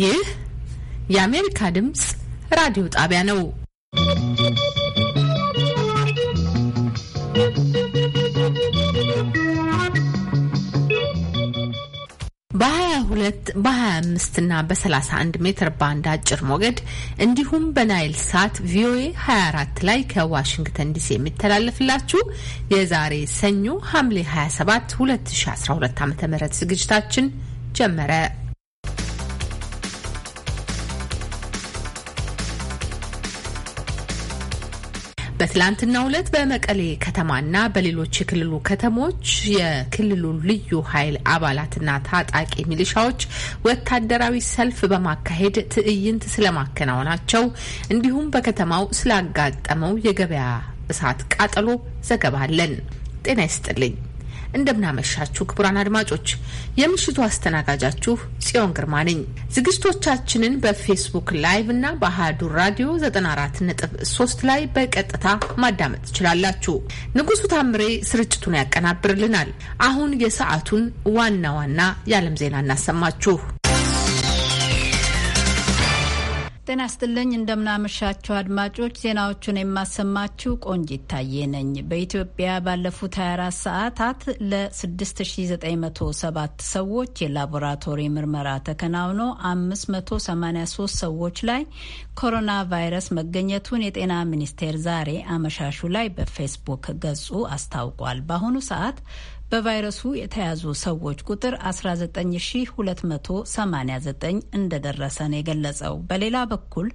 ይህ የአሜሪካ ድምፅ ራዲዮ ጣቢያ ነው። በ22 በ25 እና በ31 ሜትር ባንድ አጭር ሞገድ እንዲሁም በናይል ሳት ቪኦኤ 24 ላይ ከዋሽንግተን ዲሲ የሚተላለፍላችሁ የዛሬ ሰኞ ሐምሌ 27 2012 ም ዝግጅታችን ጀመረ። በትላንትናው ዕለት በመቀሌ ከተማና በሌሎች የክልሉ ከተሞች የክልሉ ልዩ ኃይል አባላትና ታጣቂ ሚሊሻዎች ወታደራዊ ሰልፍ በማካሄድ ትዕይንት ስለማከናወናቸው እንዲሁም በከተማው ስላጋጠመው የገበያ እሳት ቃጠሎ ዘገባ አለን። ጤና ይስጥልኝ። እንደምናመሻችሁ ክቡራን አድማጮች፣ የምሽቱ አስተናጋጃችሁ ጽዮን ግርማ ነኝ። ዝግጅቶቻችንን በፌስቡክ ላይቭ እና በአሃዱ ራዲዮ 94.3 ላይ በቀጥታ ማዳመጥ ትችላላችሁ። ንጉሱ ታምሬ ስርጭቱን ያቀናብርልናል። አሁን የሰዓቱን ዋና ዋና የዓለም ዜና እናሰማችሁ። ጤና ስጥልኝ እንደምናመሻችሁ አድማጮች፣ ዜናዎቹን የማሰማችሁ ቆንጅ ይታየ ነኝ። በኢትዮጵያ ባለፉት 24 ሰዓታት ለ6907 ሰዎች የላቦራቶሪ ምርመራ ተከናውኖ 583 ሰዎች ላይ ኮሮና ቫይረስ መገኘቱን የጤና ሚኒስቴር ዛሬ አመሻሹ ላይ በፌስቡክ ገጹ አስታውቋል። በአሁኑ ሰዓት በቫይረሱ የተያዙ ሰዎች ቁጥር 19289 እንደደረሰ ነው የገለጸው። በሌላ በኩል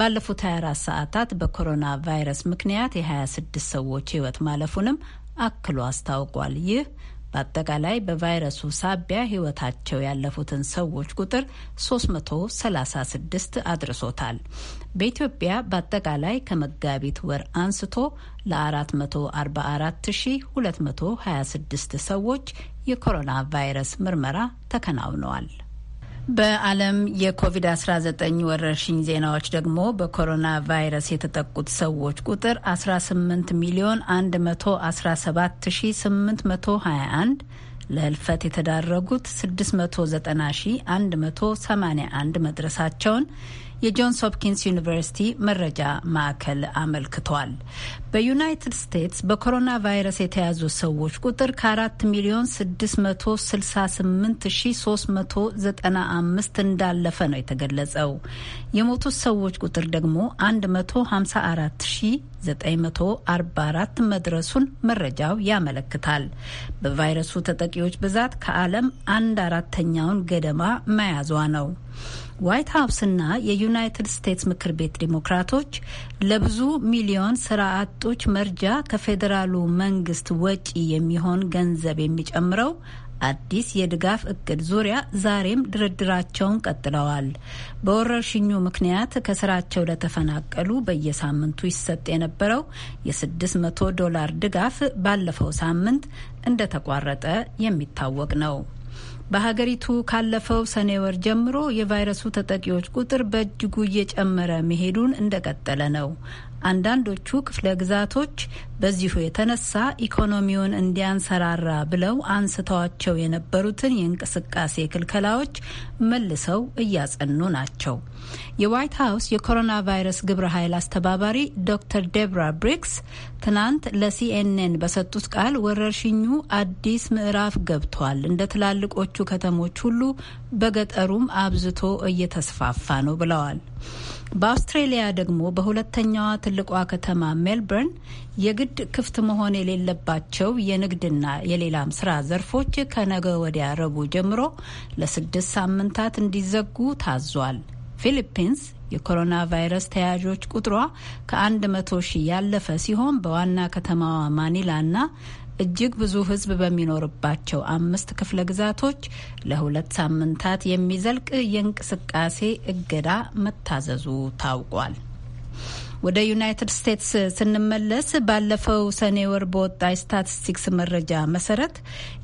ባለፉት 24 ሰዓታት በኮሮና ቫይረስ ምክንያት የ26 ሰዎች ሕይወት ማለፉንም አክሎ አስታውቋል። ይህ በአጠቃላይ በቫይረሱ ሳቢያ ህይወታቸው ያለፉትን ሰዎች ቁጥር 336 አድርሶታል። በኢትዮጵያ በአጠቃላይ ከመጋቢት ወር አንስቶ ለ444226 ሰዎች የኮሮና ቫይረስ ምርመራ ተከናውነዋል። በዓለም የኮቪድ-19 ወረርሽኝ ዜናዎች ደግሞ በኮሮና ቫይረስ የተጠቁት ሰዎች ቁጥር 18 ሚሊዮን 117821፣ ለህልፈት የተዳረጉት 690181 መድረሳቸውን የጆንስ ሆፕኪንስ ዩኒቨርሲቲ መረጃ ማዕከል አመልክቷል። በዩናይትድ ስቴትስ በኮሮና ቫይረስ የተያዙ ሰዎች ቁጥር ከአራት ሚሊዮን ስድስት መቶ ስልሳ ስምንት ሺ ሶስት መቶ ዘጠና አምስት እንዳለፈ ነው የተገለጸው። የሞቱት ሰዎች ቁጥር ደግሞ አንድ መቶ ሀምሳ አራት ሺ መድረሱን መረጃው ያመለክታል። በቫይረሱ ተጠቂዎች ብዛት ከዓለም አንድ አራተኛውን ገደማ መያዟ ነው። ዋይት ሀውስና የዩናይትድ ስቴትስ ምክር ቤት ዲሞክራቶች ለብዙ ሚሊዮን ስራ አጦች መርጃ ከፌዴራሉ መንግስት ወጪ የሚሆን ገንዘብ የሚጨምረው አዲስ የድጋፍ እቅድ ዙሪያ ዛሬም ድርድራቸውን ቀጥለዋል። በወረርሽኙ ምክንያት ከስራቸው ለተፈናቀሉ በየሳምንቱ ይሰጥ የነበረው የ600 ዶላር ድጋፍ ባለፈው ሳምንት እንደተቋረጠ የሚታወቅ ነው። በሀገሪቱ ካለፈው ሰኔ ወር ጀምሮ የቫይረሱ ተጠቂዎች ቁጥር በእጅጉ እየጨመረ መሄዱን እንደቀጠለ ነው። አንዳንዶቹ ክፍለ ግዛቶች በዚሁ የተነሳ ኢኮኖሚውን እንዲያንሰራራ ብለው አንስተዋቸው የነበሩትን የእንቅስቃሴ ክልከላዎች መልሰው እያጸኑ ናቸው። የዋይት ሀውስ የኮሮና ቫይረስ ግብረ ኃይል አስተባባሪ ዶክተር ዴብራ ብሪክስ ትናንት ለሲኤንኤን በሰጡት ቃል ወረርሽኙ አዲስ ምዕራፍ ገብቷል፣ እንደ ትላልቆቹ ከተሞች ሁሉ በገጠሩም አብዝቶ እየተስፋፋ ነው ብለዋል። በአውስትሬሊያ ደግሞ በሁለተኛዋ ትልቋ ከተማ ሜልበርን የግድ ክፍት መሆን የሌለባቸው የንግድና የሌላም ስራ ዘርፎች ከነገ ወዲያ ረቡዕ ጀምሮ ለስድስት ሳምንታት እንዲዘጉ ታዟል። ፊሊፒንስ የኮሮና ቫይረስ ተያዦች ቁጥሯ ከ መቶ ሺህ ያለፈ ሲሆን በዋና ከተማዋ ማኒላና እጅግ ብዙ ሕዝብ በሚኖርባቸው አምስት ክፍለ ግዛቶች ለሁለት ሳምንታት የሚዘልቅ የእንቅስቃሴ እገዳ መታዘዙ ታውቋል። ወደ ዩናይትድ ስቴትስ ስንመለስ ባለፈው ሰኔ ወር በወጣ የስታቲስቲክስ መረጃ መሰረት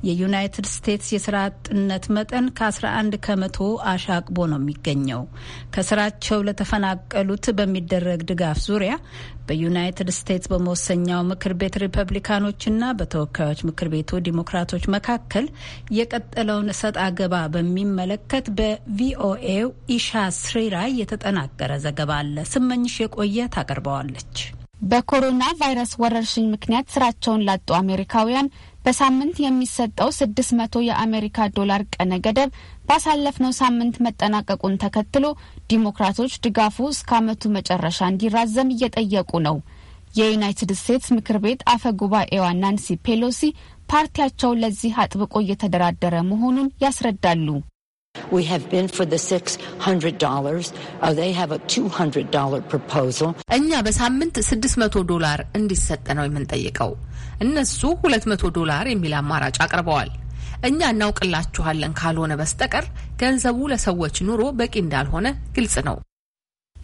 የዩናይትድ ስቴትስ የስራ አጥነት መጠን ከ11 ከመቶ አሻቅቦ ነው የሚገኘው። ከስራቸው ለተፈናቀሉት በሚደረግ ድጋፍ ዙሪያ በዩናይትድ ስቴትስ በመወሰኛው ምክር ቤት ሪፐብሊካኖችና በተወካዮች ምክር ቤቱ ዲሞክራቶች መካከል የቀጠለውን እሰጥ አገባ በሚመለከት በቪኦኤው ኢሻ ስሪራ የተጠናቀረ ዘገባ አለ። ስመኝሽ የቆየ ታቀርበዋለች። በኮሮና ቫይረስ ወረርሽኝ ምክንያት ስራቸውን ላጡ አሜሪካውያን በሳምንት የሚሰጠው መቶ የአሜሪካ ዶላር ቀነ ገደብ ባሳለፍነው ሳምንት መጠናቀቁን ተከትሎ ዲሞክራቶች ድጋፉ እስከ ዓመቱ መጨረሻ እንዲራዘም እየጠየቁ ነው። የዩናይትድ ስቴትስ ምክር ቤት አፈ ጉባኤዋ ናንሲ ፔሎሲ ፓርቲያቸው ለዚህ አጥብቆ እየተደራደረ መሆኑን ያስረዳሉ። oh, እኛ በሳምንት 600 ዶላር እንዲሰጥ ነው የምንጠይቀው። እነሱ 200 ዶላር የሚል አማራጭ አቅርበዋል። እኛ እናውቅላችኋለን ካልሆነ በስተቀር ገንዘቡ ለሰዎች ኑሮ በቂ እንዳልሆነ ግልጽ ነው።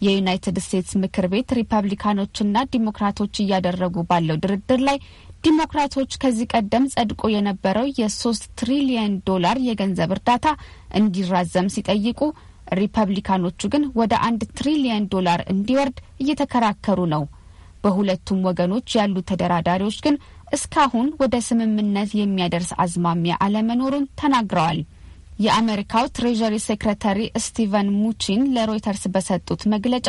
የዩናይትድ ስቴትስ ምክር ቤት ሪፐብሊካኖችና ዲሞክራቶች እያደረጉ ባለው ድርድር ላይ ዲሞክራቶች ከዚህ ቀደም ጸድቆ የነበረው የሶስት ትሪሊየን ዶላር የገንዘብ እርዳታ እንዲራዘም ሲጠይቁ ሪፐብሊካኖቹ ግን ወደ አንድ ትሪሊየን ዶላር እንዲወርድ እየተከራከሩ ነው። በሁለቱም ወገኖች ያሉ ተደራዳሪዎች ግን እስካሁን ወደ ስምምነት የሚያደርስ አዝማሚያ አለመኖሩን ተናግረዋል። የአሜሪካው ትሬዥሪ ሴክረታሪ ስቲቨን ሙቺን ለሮይተርስ በሰጡት መግለጫ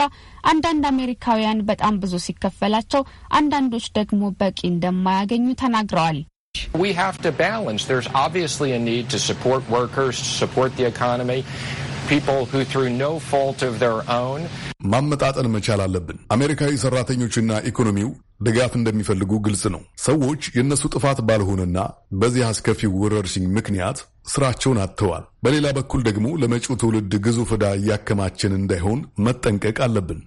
አንዳንድ አሜሪካውያን በጣም ብዙ ሲከፈላቸው፣ አንዳንዶች ደግሞ በቂ እንደማያገኙ ተናግረዋል። We have to balance. There's obviously a need to support workers, to support the economy, ማመጣጠን መቻል አለብን። አሜሪካዊ ሰራተኞችና ኢኮኖሚው ድጋፍ እንደሚፈልጉ ግልጽ ነው። ሰዎች የእነሱ ጥፋት ባልሆነና በዚህ አስከፊ ወረርሽኝ ምክንያት ስራቸውን አጥተዋል። በሌላ በኩል ደግሞ ለመጪው ትውልድ ግዙፍ ዕዳ እያከማችን እንዳይሆን መጠንቀቅ አለብን።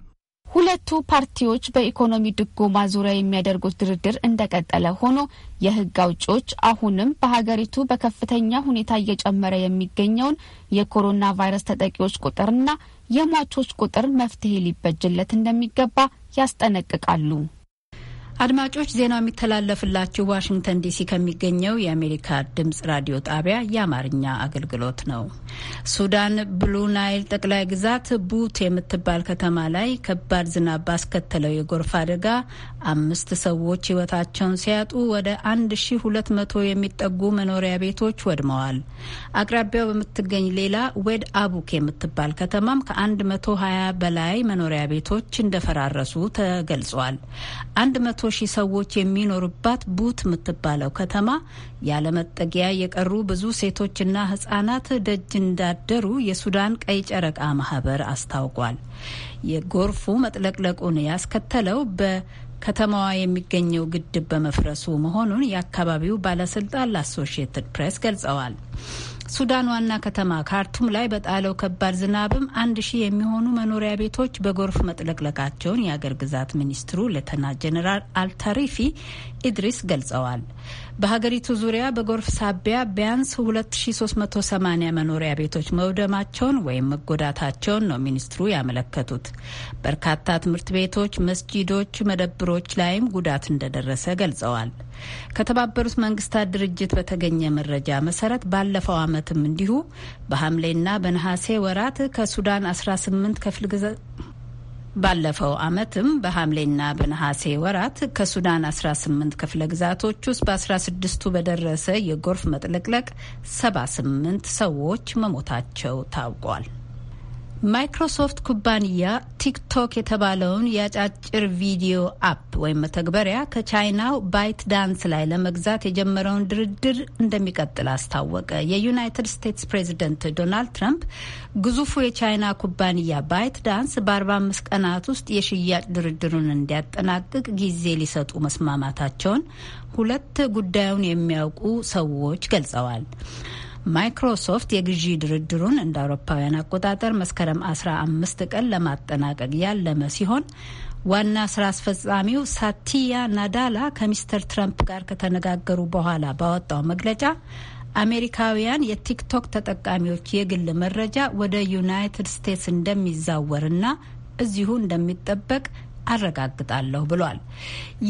ሁለቱ ፓርቲዎች በኢኮኖሚ ድጎማ ዙሪያ የሚያደርጉት ድርድር እንደቀጠለ ሆኖ የህግ አውጪዎች አሁንም በሀገሪቱ በከፍተኛ ሁኔታ እየጨመረ የሚገኘውን የኮሮና ቫይረስ ተጠቂዎች ቁጥርና የሟቾች ቁጥር መፍትሄ ሊበጅለት እንደሚገባ ያስጠነቅቃሉ። አድማጮች ዜናው የሚተላለፍላችሁ ዋሽንግተን ዲሲ ከሚገኘው የአሜሪካ ድምጽ ራዲዮ ጣቢያ የአማርኛ አገልግሎት ነው። ሱዳን ብሉ ናይል ጠቅላይ ግዛት ቡት የምትባል ከተማ ላይ ከባድ ዝናብ ባስከተለው የጎርፍ አደጋ አምስት ሰዎች ሕይወታቸውን ሲያጡ ወደ አንድ ሺ ሁለት መቶ የሚጠጉ መኖሪያ ቤቶች ወድመዋል። አቅራቢያው በምትገኝ ሌላ ዌድ አቡክ የምትባል ከተማም ከአንድ መቶ ሀያ በላይ መኖሪያ ቤቶች እንደፈራረሱ ተገልጿል። አንድ መቶ መቶ ሺህ ሰዎች የሚኖሩባት ቡት የምትባለው ከተማ ያለመጠጊያ የቀሩ ብዙ ሴቶችና ህጻናት ደጅ እንዳደሩ የሱዳን ቀይ ጨረቃ ማህበር አስታውቋል። የጎርፉ መጥለቅለቁን ያስከተለው በከተማዋ የሚገኘው ግድብ በመፍረሱ መሆኑን የአካባቢው ባለስልጣን ለአሶሺየትድ ፕሬስ ገልጸዋል። ሱዳን ዋና ከተማ ካርቱም ላይ በጣለው ከባድ ዝናብም አንድ ሺህ የሚሆኑ መኖሪያ ቤቶች በጎርፍ መጥለቅለቃቸውን የአገር ግዛት ሚኒስትሩ ሌተና ጀኔራል አልታሪፊ ኢድሪስ ገልጸዋል። በሀገሪቱ ዙሪያ በጎርፍ ሳቢያ ቢያንስ 2380 መኖሪያ ቤቶች መውደማቸውን ወይም መጎዳታቸውን ነው ሚኒስትሩ ያመለከቱት። በርካታ ትምህርት ቤቶች፣ መስጂዶች፣ መደብሮች ላይም ጉዳት እንደደረሰ ገልጸዋል። ከተባበሩት መንግስታት ድርጅት በተገኘ መረጃ መሰረት ባለፈው ዓመትም እንዲሁ በሐምሌና በነሐሴ ወራት ከሱዳን 18 ክፍለ ባለፈው ዓመትም በሐምሌና በነሐሴ ወራት ከሱዳን 18 ክፍለ ግዛቶች ውስጥ በ16ቱ በደረሰ የጎርፍ መጥለቅለቅ 78 ሰዎች መሞታቸው ታውቋል። ማይክሮሶፍት ኩባንያ ቲክቶክ የተባለውን የአጫጭር ቪዲዮ አፕ ወይም መተግበሪያ ከቻይናው ባይት ዳንስ ላይ ለመግዛት የጀመረውን ድርድር እንደሚቀጥል አስታወቀ። የዩናይትድ ስቴትስ ፕሬዚደንት ዶናልድ ትራምፕ ግዙፉ የቻይና ኩባንያ ባይት ዳንስ በ45 ቀናት ውስጥ የሽያጭ ድርድሩን እንዲያጠናቅቅ ጊዜ ሊሰጡ መስማማታቸውን ሁለት ጉዳዩን የሚያውቁ ሰዎች ገልጸዋል። ማይክሮሶፍት የግዢ ድርድሩን እንደ አውሮፓውያን አቆጣጠር መስከረም 15 ቀን ለማጠናቀቅ ያለመ ሲሆን ዋና ስራ አስፈጻሚው ሳቲያ ናዳላ ከሚስተር ትራምፕ ጋር ከተነጋገሩ በኋላ ባወጣው መግለጫ አሜሪካውያን የቲክቶክ ተጠቃሚዎች የግል መረጃ ወደ ዩናይትድ ስቴትስ እንደሚዛወርና እዚሁ እንደሚጠበቅ አረጋግጣለሁ ብሏል።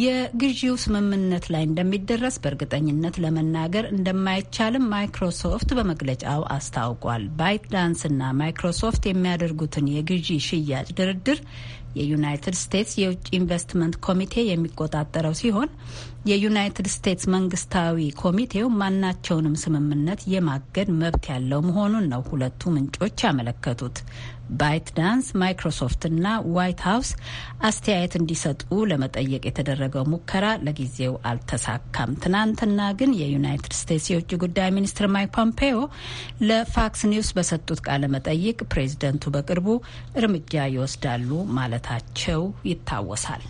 የግዢው ስምምነት ላይ እንደሚደረስ በእርግጠኝነት ለመናገር እንደማይቻልም ማይክሮሶፍት በመግለጫው አስታውቋል። ባይት ዳንስና ማይክሮሶፍት የሚያደርጉትን የግዢ ሽያጭ ድርድር የዩናይትድ ስቴትስ የውጭ ኢንቨስትመንት ኮሚቴ የሚቆጣጠረው ሲሆን የዩናይትድ ስቴትስ መንግስታዊ ኮሚቴው ማናቸውንም ስምምነት የማገድ መብት ያለው መሆኑን ነው ሁለቱ ምንጮች ያመለከቱት። ባይት ዳንስ፣ ማይክሮሶፍት እና ዋይት ሀውስ አስተያየት እንዲሰጡ ለመጠየቅ የተደረገው ሙከራ ለጊዜው አልተሳካም። ትናንትና ግን የዩናይትድ ስቴትስ የውጭ ጉዳይ ሚኒስትር ማይክ ፖምፔዮ ለፋክስ ኒውስ በሰጡት ቃለ መጠይቅ ፕሬዚደንቱ በቅርቡ እርምጃ ይወስዳሉ ማለታቸው ይታወሳል።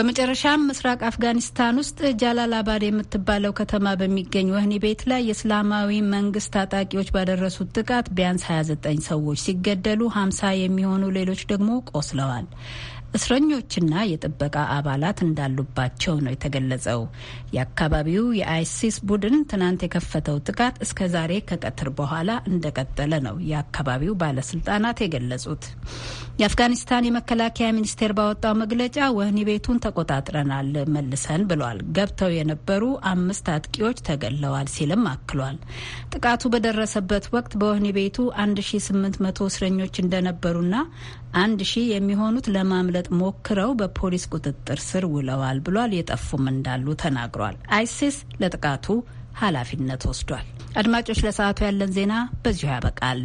በመጨረሻም ምስራቅ አፍጋኒስታን ውስጥ ጃላላባድ የምትባለው ከተማ በሚገኝ ወህኒ ቤት ላይ የእስላማዊ መንግስት ታጣቂዎች ባደረሱት ጥቃት ቢያንስ 29 ሰዎች ሲገደሉ 50 የሚሆኑ ሌሎች ደግሞ ቆስለዋል። እስረኞችና የጥበቃ አባላት እንዳሉባቸው ነው የተገለጸው። የአካባቢው የአይሲስ ቡድን ትናንት የከፈተው ጥቃት እስከ ዛሬ ከቀትር በኋላ እንደቀጠለ ነው የአካባቢው ባለስልጣናት የገለጹት። የአፍጋኒስታን የመከላከያ ሚኒስቴር ባወጣው መግለጫ ወህኒ ቤቱን ተቆጣጥረናል መልሰን ብሏል። ገብተው የነበሩ አምስት አጥቂዎች ተገለዋል ሲልም አክሏል። ጥቃቱ በደረሰበት ወቅት በወህኒ ቤቱ 1800 እስረኞች እንደነበሩና አንድ ሺህ የሚሆኑት ለማምለጥ ሞክረው በፖሊስ ቁጥጥር ስር ውለዋል ብሏል። የጠፉም እንዳሉ ተናግሯል። አይሲስ ለጥቃቱ ኃላፊነት ወስዷል። አድማጮች፣ ለሰዓቱ ያለን ዜና በዚሁ ያበቃል።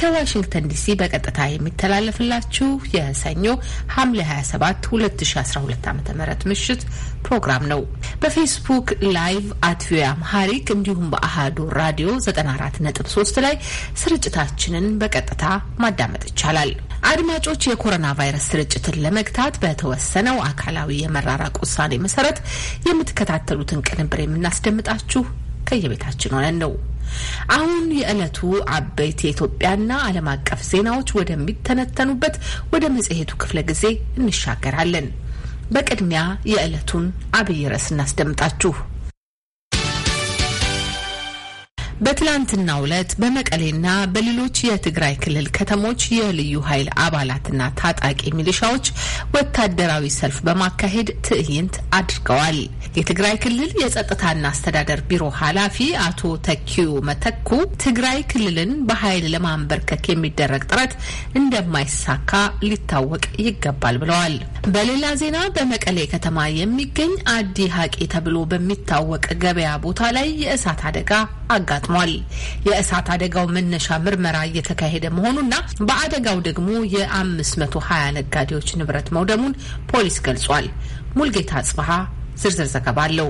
ከዋሽንግተን ዲሲ በቀጥታ የሚተላለፍላችሁ የሰኞ ሐምሌ 27 2012 ዓ ም ምሽት ፕሮግራም ነው። በፌስቡክ ላይቭ አት ቪኦኤ አምሃሪክ እንዲሁም በአሃዱ ራዲዮ 94.3 ላይ ስርጭታችንን በቀጥታ ማዳመጥ ይቻላል። አድማጮች የኮሮና ቫይረስ ስርጭትን ለመግታት በተወሰነው አካላዊ የመራራቅ ውሳኔ መሰረት የምትከታተሉትን ቅንብር የምናስደምጣችሁ ከየቤታችን ሆነን ነው። አሁን የዕለቱ አበይት የኢትዮጵያና ዓለም አቀፍ ዜናዎች ወደሚተነተኑበት ወደ መጽሔቱ ክፍለ ጊዜ እንሻገራለን። በቅድሚያ የዕለቱን አብይ ርዕስ እናስደምጣችሁ። በትላንትናው ዕለት በመቀሌና በሌሎች የትግራይ ክልል ከተሞች የልዩ ኃይል አባላትና ታጣቂ ሚሊሻዎች ወታደራዊ ሰልፍ በማካሄድ ትዕይንት አድርገዋል። የትግራይ ክልል የጸጥታና አስተዳደር ቢሮ ኃላፊ አቶ ተኪዩ መተኩ ትግራይ ክልልን በኃይል ለማንበርከክ የሚደረግ ጥረት እንደማይሳካ ሊታወቅ ይገባል ብለዋል። በሌላ ዜና በመቀሌ ከተማ የሚገኝ አዲ ሀቂ ተብሎ በሚታወቅ ገበያ ቦታ ላይ የእሳት አደጋ አጋጥሟል። የእሳት አደጋው መነሻ ምርመራ እየተካሄደ መሆኑና በአደጋው ደግሞ የ520 ነጋዴዎች ንብረት መውደሙን ፖሊስ ገልጿል። ሙልጌታ ጽበሀ ዝርዝር ዘገባ አለው።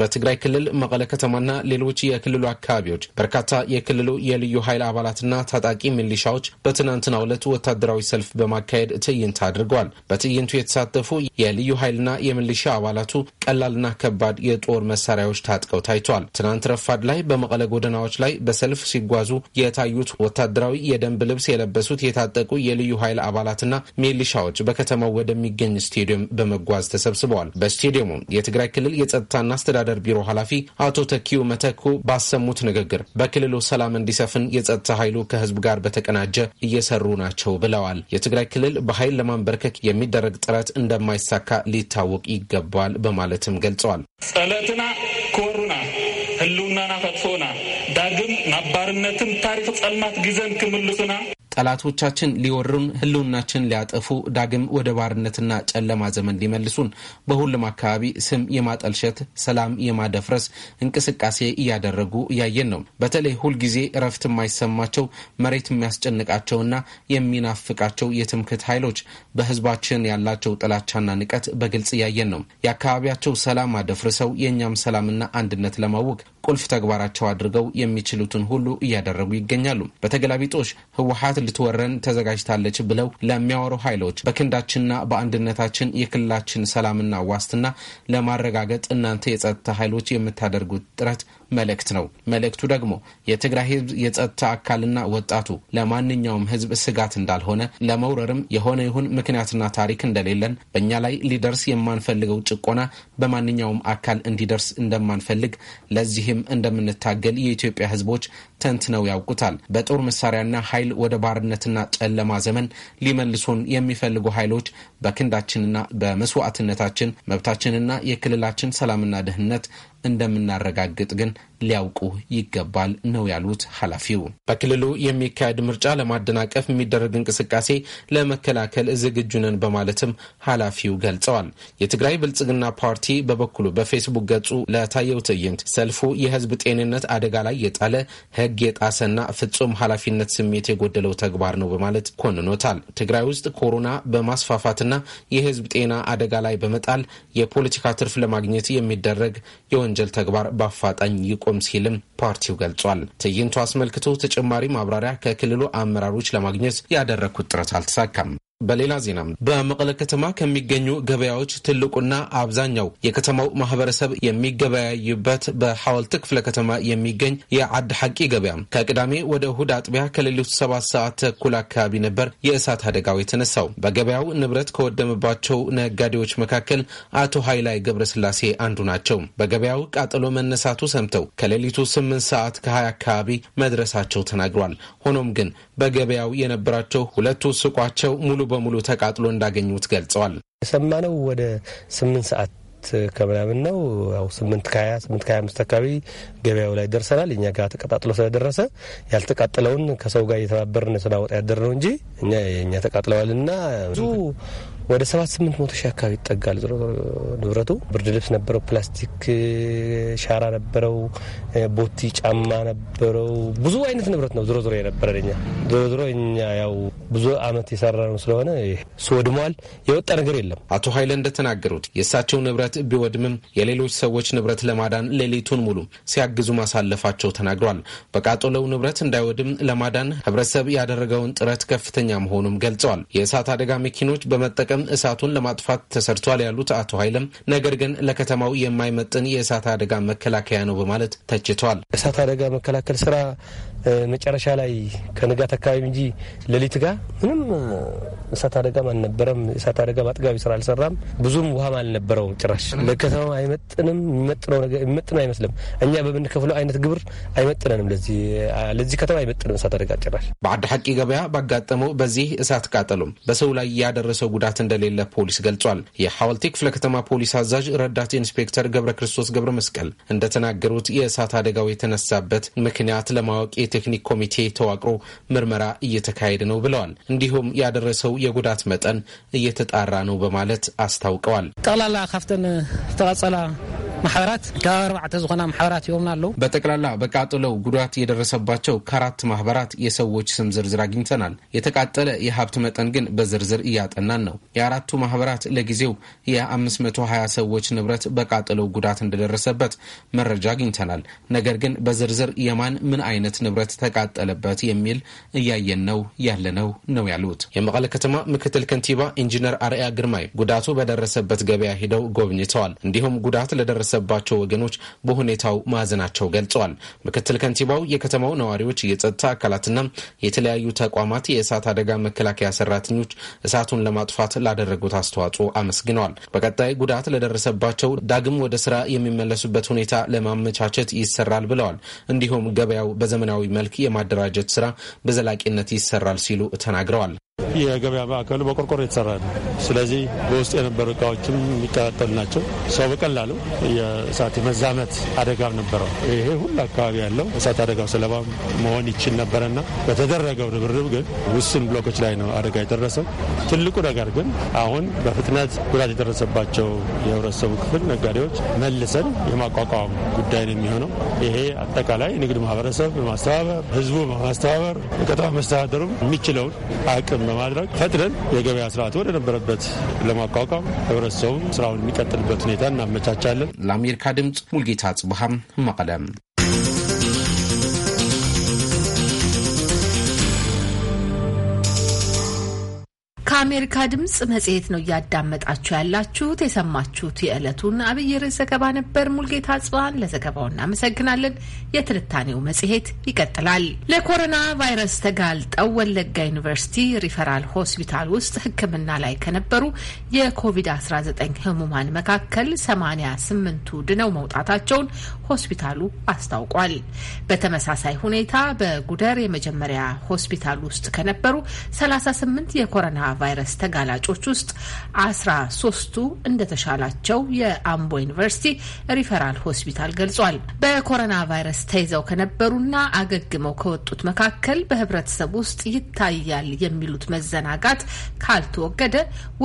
በትግራይ ክልል መቀለ ከተማና ሌሎች የክልሉ አካባቢዎች በርካታ የክልሉ የልዩ ኃይል አባላትና ታጣቂ ሚሊሻዎች በትናንትና ዕለት ወታደራዊ ሰልፍ በማካሄድ ትዕይንት አድርገዋል። በትዕይንቱ የተሳተፉ የልዩ ኃይልና የሚሊሻ አባላቱ ቀላልና ከባድ የጦር መሳሪያዎች ታጥቀው ታይተዋል። ትናንት ረፋድ ላይ በመቀለ ጎደናዎች ላይ በሰልፍ ሲጓዙ የታዩት ወታደራዊ የደንብ ልብስ የለበሱት የታጠቁ የልዩ ኃይል አባላትና ሚሊሻዎች በከተማው ወደሚገኝ ስቴዲየም በመጓዝ ተሰብስበዋል። በስቴዲየሙ የትግራይ ክልል የጸጥታና አስተዳደ አስተዳደር ቢሮ ኃላፊ አቶ ተኪው መተኩ ባሰሙት ንግግር በክልሉ ሰላም እንዲሰፍን የጸጥታ ኃይሉ ከህዝብ ጋር በተቀናጀ እየሰሩ ናቸው ብለዋል። የትግራይ ክልል በኃይል ለማንበርከክ የሚደረግ ጥረት እንደማይሳካ ሊታወቅ ይገባል በማለትም ገልጸዋል። ጸለትና ኮሩና ህልውናና ፈጥፎና ዳግም ናባርነትን ታሪክ ጸልማት ግዘን ክምልሱና ጠላቶቻችን ሊወሩን፣ ህልውናችን ሊያጠፉ፣ ዳግም ወደ ባርነትና ጨለማ ዘመን ሊመልሱን በሁሉም አካባቢ ስም የማጠልሸት ሰላም የማደፍረስ እንቅስቃሴ እያደረጉ እያየን ነው። በተለይ ሁልጊዜ እረፍት የማይሰማቸው መሬት የሚያስጨንቃቸውና የሚናፍቃቸው የትምክህት ኃይሎች በህዝባችን ያላቸው ጥላቻና ንቀት በግልጽ እያየን ነው። የአካባቢያቸው ሰላም አደፍርሰው የእኛም ሰላምና አንድነት ለማወቅ ቁልፍ ተግባራቸው አድርገው የሚችሉትን ሁሉ እያደረጉ ይገኛሉ። በተገላቢጦሽ ህወሀት ልትወረን ተዘጋጅታለች ብለው ለሚያወሩ ኃይሎች በክንዳችንና በአንድነታችን የክልላችን ሰላምና ዋስትና ለማረጋገጥ እናንተ የጸጥታ ኃይሎች የምታደርጉት ጥረት መልእክት ነው። መልእክቱ ደግሞ የትግራይ ህዝብ የጸጥታ አካልና ወጣቱ ለማንኛውም ህዝብ ስጋት እንዳልሆነ ለመውረርም የሆነ ይሁን ምክንያትና ታሪክ እንደሌለን በእኛ ላይ ሊደርስ የማንፈልገው ጭቆና በማንኛውም አካል እንዲደርስ እንደማንፈልግ ለዚህም እንደምንታገል የኢትዮጵያ ህዝቦች ተንትነው ያውቁታል። በጦር መሳሪያና ኃይል ወደ ባርነትና ጨለማ ዘመን ሊመልሱን የሚፈልጉ ኃይሎች በክንዳችንና በመስዋዕትነታችን መብታችንና የክልላችን ሰላምና ደህንነት እንደምናረጋግጥ ግን ሊያውቁ ይገባል ነው ያሉት ኃላፊው። በክልሉ የሚካሄድ ምርጫ ለማደናቀፍ የሚደረግ እንቅስቃሴ ለመከላከል ዝግጁ ነን በማለትም ኃላፊው ገልጸዋል። የትግራይ ብልጽግና ፓርቲ በበኩሉ በፌስቡክ ገጹ ለታየው ትዕይንት ሰልፉ የህዝብ ጤንነት አደጋ ላይ የጣለ ህግ የጣሰና ፍጹም ኃላፊነት ስሜት የጎደለው ተግባር ነው በማለት ኮንኖታል። ትግራይ ውስጥ ኮሮና በማስፋፋትና የህዝብ ጤና አደጋ ላይ በመጣል የፖለቲካ ትርፍ ለማግኘት የሚደረግ የወንጀል ተግባር በአፋጣኝ ይቁ ይቆም ሲልም ፓርቲው ገልጿል። ትዕይንቱ አስመልክቶ ተጨማሪ ማብራሪያ ከክልሉ አመራሮች ለማግኘት ያደረግኩት ጥረት አልተሳካም። በሌላ ዜናም በመቀለ ከተማ ከሚገኙ ገበያዎች ትልቁና አብዛኛው የከተማው ማህበረሰብ የሚገበያዩበት በሐወልት ክፍለ ከተማ የሚገኝ የአድ ሐቂ ገበያ ከቅዳሜ ወደ እሁድ አጥቢያ ከሌሊቱ ሰባት ሰዓት ተኩል አካባቢ ነበር የእሳት አደጋው የተነሳው። በገበያው ንብረት ከወደመባቸው ነጋዴዎች መካከል አቶ ሀይላይ ገብረስላሴ አንዱ ናቸው። በገበያው ቃጠሎ መነሳቱ ሰምተው ከሌሊቱ ስምንት ሰዓት ከሀያ አካባቢ መድረሳቸው ተናግሯል። ሆኖም ግን በገበያው የነበራቸው ሁለቱ ሱቋቸው ሙሉ በሙሉ ተቃጥሎ እንዳገኙት ገልጸዋል። የሰማነው ወደ ስምንት ሰዓት ከምናምን ነው ያው ስምንት ከሀያ ስምንት ከሀያ አምስት አካባቢ ገበያው ላይ ደርሰናል። እኛ ጋር ተቀጣጥሎ ስለደረሰ ያልተቃጠለውን ከሰው ጋር እየተባበርን ስናወጣ ያደር ነው እንጂ እኛ ተቃጥለዋል ና ብዙ ወደ ሰባት ስምንት መቶ ሺህ አካባቢ ይጠጋል ንብረቱ። ብርድ ልብስ ነበረው፣ ፕላስቲክ ሻራ ነበረው፣ ቦቲ ጫማ ነበረው። ብዙ አይነት ንብረት ነው ዝሮ ዝሮ የነበረ ለኛ ዝሮ ዝሮ እኛ ያው ብዙ አመት የሰራ ነው ስለሆነ እሱ ወድመዋል። የወጣ ነገር የለም። አቶ ኃይለ እንደተናገሩት የእሳቸው ንብረት ቢወድምም የሌሎች ሰዎች ንብረት ለማዳን ሌሊቱን ሙሉ ሲያግዙ ማሳለፋቸው ተናግሯል። በቃጠሎው ንብረት እንዳይወድም ለማዳን ህብረተሰብ ያደረገውን ጥረት ከፍተኛ መሆኑም ገልጸዋል። የእሳት አደጋ መኪኖች በመጠቀም በመጠቀም እሳቱን ለማጥፋት ተሰርቷል ያሉት አቶ ኃይለም ነገር ግን ለከተማው የማይመጥን የእሳት አደጋ መከላከያ ነው በማለት ተችቷል። እሳት አደጋ መከላከል ስራ መጨረሻ ላይ ከንጋት አካባቢ እንጂ ሌሊት ጋር ምንም እሳት አደጋም አልነበረም። እሳት አደጋ በአጥጋቢ ስራ አልሰራም። ብዙም ውሃም አልነበረውም። ጭራሽ ለከተማ አይመጥንም። የሚመጥነው አይመስልም። እኛ በምንከፍለው አይነት ግብር አይመጥነንም። ለዚህ ከተማ አይመጥንም እሳት አደጋ ጭራሽ። በአድ ሐቂ ገበያ ባጋጠመው በዚህ እሳት ቃጠሎም በሰው ላይ ያደረሰው ጉዳት እንደሌለ ፖሊስ ገልጿል። የሐዋልቲ ክፍለ ከተማ ፖሊስ አዛዥ ረዳት ኢንስፔክተር ገብረ ክርስቶስ ገብረ መስቀል እንደተናገሩት የእሳት አደጋው የተነሳበት ምክንያት ለማወቅ ቴክኒክ ኮሚቴ ተዋቅሮ ምርመራ እየተካሄደ ነው ብለዋል። እንዲሁም ያደረሰው የጉዳት መጠን እየተጣራ ነው በማለት አስታውቀዋል። ጠቅላላ ካፍተን ተቀጸላ ማሕበራት ካብ ኣርባዕተ ዝኮና ማሕበራት ይቦምና ኣለው በጠቅላላ በቃጥለው ጉዳት የደረሰባቸው ከአራት ማህበራት የሰዎች ስም ዝርዝር አግኝተናል። የተቃጠለ የሀብት መጠን ግን በዝርዝር እያጠናን ነው። የአራቱ ማህበራት ለጊዜው የ520 ሰዎች ንብረት በቃጥለው ጉዳት እንደደረሰበት መረጃ አግኝተናል። ነገር ግን በዝርዝር የማን ምን አይነት ንብረት ንብረት ተቃጠለበት የሚል እያየን ነው ያለ ነው ነው ያሉት የመቀለ ከተማ ምክትል ከንቲባ ኢንጂነር አርያ ግርማይ ጉዳቱ በደረሰበት ገበያ ሂደው ጎብኝተዋል። እንዲሁም ጉዳት ለደረሰባቸው ወገኖች በሁኔታው ማዘናቸው ገልጸዋል። ምክትል ከንቲባው የከተማው ነዋሪዎች፣ የጸጥታ አካላትና የተለያዩ ተቋማት የእሳት አደጋ መከላከያ ሰራተኞች እሳቱን ለማጥፋት ላደረጉት አስተዋጽኦ አመስግነዋል። በቀጣይ ጉዳት ለደረሰባቸው ዳግም ወደ ስራ የሚመለሱበት ሁኔታ ለማመቻቸት ይሰራል ብለዋል። እንዲሁም ገበያው በዘመናዊ መልክ የማደራጀት ስራ በዘላቂነት ይሰራል ሲሉ ተናግረዋል። የገበያ ማዕከሉ በቆርቆሮ የተሰራ ነው። ስለዚህ በውስጥ የነበሩ እቃዎችም የሚቀጣጠሉ ናቸው። ሰው በቀላሉ የእሳት የመዛመት አደጋም ነበረው። ይሄ ሁሉ አካባቢ ያለው እሳት አደጋው ሰለባ መሆን ይችል ነበረና በተደረገው ርብርብ ግን ውስን ብሎኮች ላይ ነው አደጋ የደረሰው። ትልቁ ነገር ግን አሁን በፍጥነት ጉዳት የደረሰባቸው የህብረተሰቡ ክፍል ነጋዴዎች መልሰን የማቋቋም ጉዳይ ነው የሚሆነው። ይሄ አጠቃላይ ንግድ ማህበረሰብ በማስተባበር ህዝቡ በማስተባበር ከተማ መስተዳደሩም የሚችለውን አቅም በማድረግ ፈጥነን የገበያ ስርዓት ወደ ነበረበት ለማቋቋም ህብረተሰቡ ስራውን የሚቀጥልበት ሁኔታ እናመቻቻለን። ለአሜሪካ ድምጽ ሙልጌታ ጽብሃም መቀለም ከአሜሪካ ድምፅ መጽሔት ነው እያዳመጣችሁ ያላችሁት። የሰማችሁት የዕለቱን አብይ ርዕስ ዘገባ ነበር። ሙልጌታ ጽዋን ለዘገባው እናመሰግናለን። የትንታኔው መጽሔት ይቀጥላል። ለኮሮና ቫይረስ ተጋልጠው ወለጋ ዩኒቨርሲቲ ሪፈራል ሆስፒታል ውስጥ ሕክምና ላይ ከነበሩ የኮቪድ-19 ህሙማን መካከል 88ቱ ድነው መውጣታቸውን ሆስፒታሉ አስታውቋል። በተመሳሳይ ሁኔታ በጉደር የመጀመሪያ ሆስፒታል ውስጥ ከነበሩ 38 የኮሮና ቫይረስ ተጋላጮች ውስጥ አስራ ሶስቱ እንደተሻላቸው የአምቦ ዩኒቨርሲቲ ሪፈራል ሆስፒታል ገልጿል። በኮሮና ቫይረስ ተይዘው ከነበሩና አገግመው ከወጡት መካከል በህብረተሰብ ውስጥ ይታያል የሚሉት መዘናጋት ካልተወገደ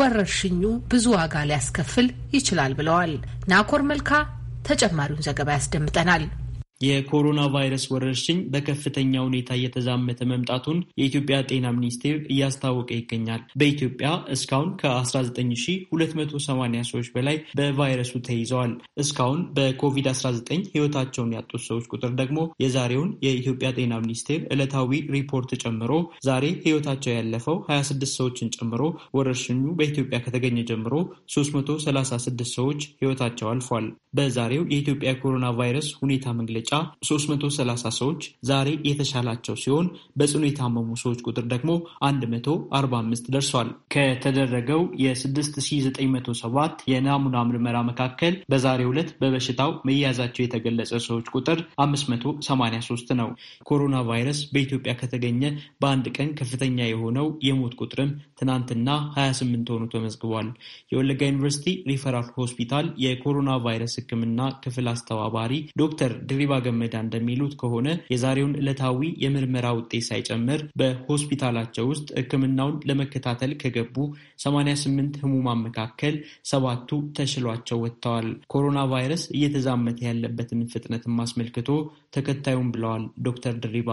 ወረርሽኙ ብዙ ዋጋ ሊያስከፍል ይችላል ብለዋል። ናኮር መልካ ተጨማሪውን ዘገባ ያስደምጠናል። የኮሮና ቫይረስ ወረርሽኝ በከፍተኛ ሁኔታ እየተዛመተ መምጣቱን የኢትዮጵያ ጤና ሚኒስቴር እያስታወቀ ይገኛል። በኢትዮጵያ እስካሁን ከ19280 ሰዎች በላይ በቫይረሱ ተይዘዋል። እስካሁን በኮቪድ-19 ሕይወታቸውን ያጡት ሰዎች ቁጥር ደግሞ የዛሬውን የኢትዮጵያ ጤና ሚኒስቴር ዕለታዊ ሪፖርት ጨምሮ ዛሬ ሕይወታቸው ያለፈው 26 ሰዎችን ጨምሮ ወረርሽኙ በኢትዮጵያ ከተገኘ ጀምሮ 336 ሰዎች ሕይወታቸው አልፏል። በዛሬው የኢትዮጵያ ኮሮና ቫይረስ ሁኔታ መግለጫ ምርጫ 330 ሰዎች ዛሬ የተሻላቸው ሲሆን በጽኑ የታመሙ ሰዎች ቁጥር ደግሞ 145 ደርሷል። ከተደረገው የ6907 የናሙና ምርመራ መካከል በዛሬው ዕለት በበሽታው መያዛቸው የተገለጸ ሰዎች ቁጥር 583 ነው። ኮሮና ቫይረስ በኢትዮጵያ ከተገኘ በአንድ ቀን ከፍተኛ የሆነው የሞት ቁጥርም ትናንትና 28 ሆኖ ተመዝግቧል። የወለጋ ዩኒቨርሲቲ ሪፈራል ሆስፒታል የኮሮና ቫይረስ ሕክምና ክፍል አስተባባሪ ዶክተር ድሪባ ገመዳ እንደሚሉት ከሆነ የዛሬውን ዕለታዊ የምርመራ ውጤት ሳይጨምር በሆስፒታላቸው ውስጥ ሕክምናውን ለመከታተል ከገቡ 88 ህሙማን መካከል ሰባቱ ተሽሏቸው ወጥተዋል። ኮሮና ቫይረስ እየተዛመተ ያለበትን ፍጥነት አስመልክቶ ተከታዩም ብለዋል ዶክተር ድሪባ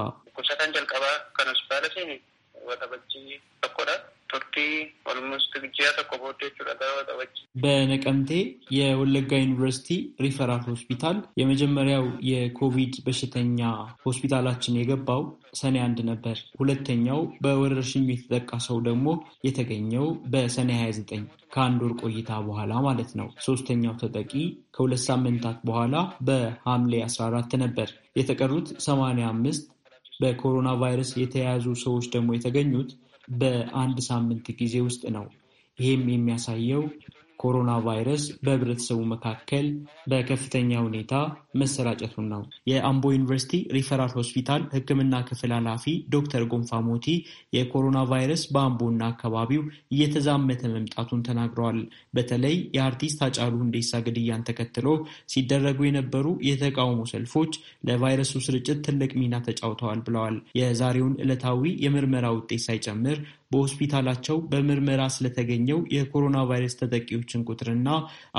በነቀምቴ የወለጋ ዩኒቨርሲቲ ሪፈራል ሆስፒታል የመጀመሪያው የኮቪድ በሽተኛ ሆስፒታላችን የገባው ሰኔ አንድ ነበር። ሁለተኛው በወረርሽኙ የተጠቃ ሰው ደግሞ የተገኘው በሰኔ 29 ከአንድ ወር ቆይታ በኋላ ማለት ነው። ሶስተኛው ተጠቂ ከሁለት ሳምንታት በኋላ በሐምሌ 14 ነበር። የተቀሩት 85 በኮሮና ቫይረስ የተያያዙ ሰዎች ደግሞ የተገኙት በአንድ ሳምንት ጊዜ ውስጥ ነው። ይህም የሚያሳየው ኮሮና ቫይረስ በህብረተሰቡ መካከል በከፍተኛ ሁኔታ መሰራጨቱን ነው። የአምቦ ዩኒቨርሲቲ ሪፈራል ሆስፒታል ሕክምና ክፍል ኃላፊ ዶክተር ጎንፋ ሞቲ የኮሮና ቫይረስ በአምቦና አካባቢው እየተዛመተ መምጣቱን ተናግረዋል። በተለይ የአርቲስት አጫሉ ሁንዴሳ ግድያን ተከትሎ ሲደረጉ የነበሩ የተቃውሞ ሰልፎች ለቫይረሱ ስርጭት ትልቅ ሚና ተጫውተዋል ብለዋል። የዛሬውን ዕለታዊ የምርመራ ውጤት ሳይጨምር በሆስፒታላቸው በምርመራ ስለተገኘው የኮሮና ቫይረስ ተጠቂዎችን ቁጥርና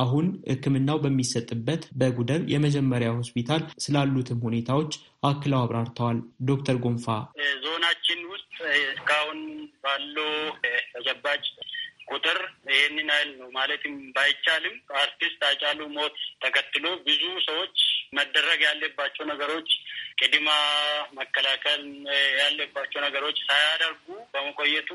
አሁን ሕክምናው በሚሰጥበት በጉደር የመጀመሪያ ሆስፒታል ስላሉትም ሁኔታዎች አክለው አብራርተዋል። ዶክተር ጎንፋ ዞናችን ውስጥ እስካሁን ባለው ተጨባጭ ቁጥር ይህንን ያህል ነው ማለትም ባይቻልም አርቲስት አጫሉ ሞት ተከትሎ ብዙ ሰዎች መደረግ ያለባቸው ነገሮች ቅድማ መከላከል ያለባቸው ነገሮች ሳያደርጉ በመቆየቱ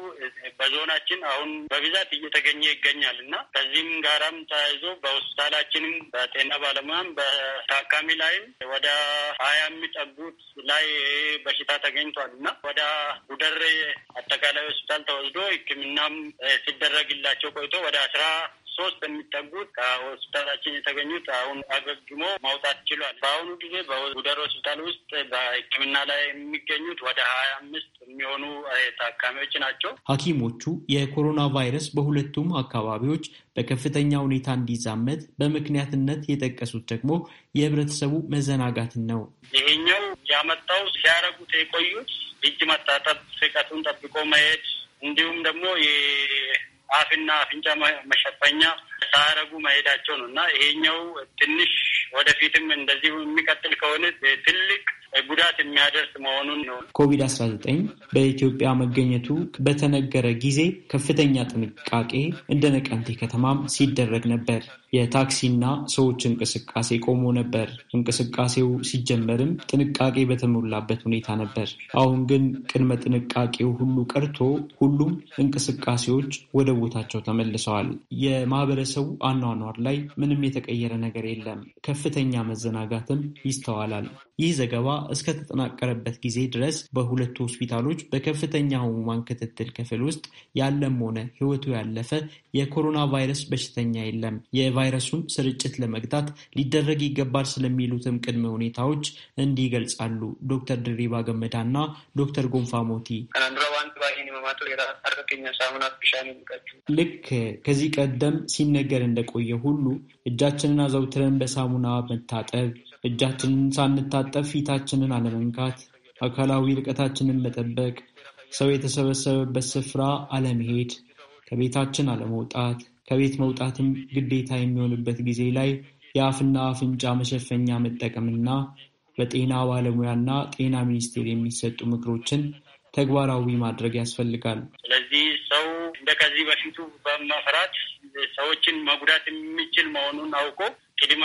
በዞናችን አሁን በብዛት እየተገኘ ይገኛል እና ከዚህም ጋራም ተያይዞ በሆስፒታላችንም በጤና ባለሙያም በታካሚ ላይም ወደ ሀያ የሚጠጉት ላይ በሽታ ተገኝቷል እና ወደ ጉደሬ አጠቃላይ ሆስፒታል ተወስዶ ሕክምናም ሲደረግላቸው ቆይቶ ወደ አስራ ሶስት የሚጠጉት ከሆስፒታላችን የተገኙት አሁን አገግሞ ማውጣት ችሏል። በአሁኑ ጊዜ በጉደር ሆስፒታል ውስጥ በሕክምና ላይ የሚገኙት ወደ ሀያ አምስት የሚሆኑ ታካሚዎች ናቸው። ሐኪሞቹ የኮሮና ቫይረስ በሁለቱም አካባቢዎች በከፍተኛ ሁኔታ እንዲዛመት በምክንያትነት የጠቀሱት ደግሞ የህብረተሰቡ መዘናጋትን ነው። ይሄኛው ያመጣው ሲያረጉት የቆዩት እጅ መታጠብ፣ ርቀቱን ጠብቆ መሄድ እንዲሁም ደግሞ አፍና አፍንጫ መሸፈኛ ሳያረጉ መሄዳቸው ነው እና ይሄኛው ትንሽ ወደፊትም እንደዚሁ የሚቀጥል ከሆነ ትልቅ ጉዳት የሚያደርስ መሆኑን ነው። ኮቪድ አስራ ዘጠኝ በኢትዮጵያ መገኘቱ በተነገረ ጊዜ ከፍተኛ ጥንቃቄ እንደ ነቀምቴ ከተማም ሲደረግ ነበር። የታክሲና ሰዎች እንቅስቃሴ ቆሞ ነበር። እንቅስቃሴው ሲጀመርም ጥንቃቄ በተሞላበት ሁኔታ ነበር። አሁን ግን ቅድመ ጥንቃቄው ሁሉ ቀርቶ ሁሉም እንቅስቃሴዎች ወደ ቦታቸው ተመልሰዋል። የማህበረሰቡ አኗኗር ላይ ምንም የተቀየረ ነገር የለም። ከፍተኛ መዘናጋትም ይስተዋላል። ይህ ዘገባ እስከተጠናቀረበት ጊዜ ድረስ በሁለቱ ሆስፒታሎች በከፍተኛ ህሙማን ክትትል ክፍል ውስጥ ያለም ሆነ ህይወቱ ያለፈ የኮሮና ቫይረስ በሽተኛ የለም። የቫይረሱን ስርጭት ለመግታት ሊደረግ ይገባል ስለሚሉትም ቅድመ ሁኔታዎች እንዲህ ይገልጻሉ ዶክተር ድሪባ ገመዳ እና ዶክተር ጎንፋ ሞቲ። ልክ ከዚህ ቀደም ሲነገር እንደቆየ ሁሉ እጃችንን አዘውትረን በሳሙና መታጠብ፣ እጃችንን ሳንታጠብ ፊታችንን አለመንካት፣ አካላዊ ርቀታችንን መጠበቅ፣ ሰው የተሰበሰበበት ስፍራ አለመሄድ፣ ከቤታችን አለመውጣት ከቤት መውጣትም ግዴታ የሚሆንበት ጊዜ ላይ የአፍና አፍንጫ መሸፈኛ መጠቀምና በጤና ባለሙያና ጤና ሚኒስቴር የሚሰጡ ምክሮችን ተግባራዊ ማድረግ ያስፈልጋል። ስለዚህ ሰው እንደ ከዚህ በፊቱ በመፍራት ሰዎችን መጉዳት የሚችል መሆኑን አውቆ ቅድመ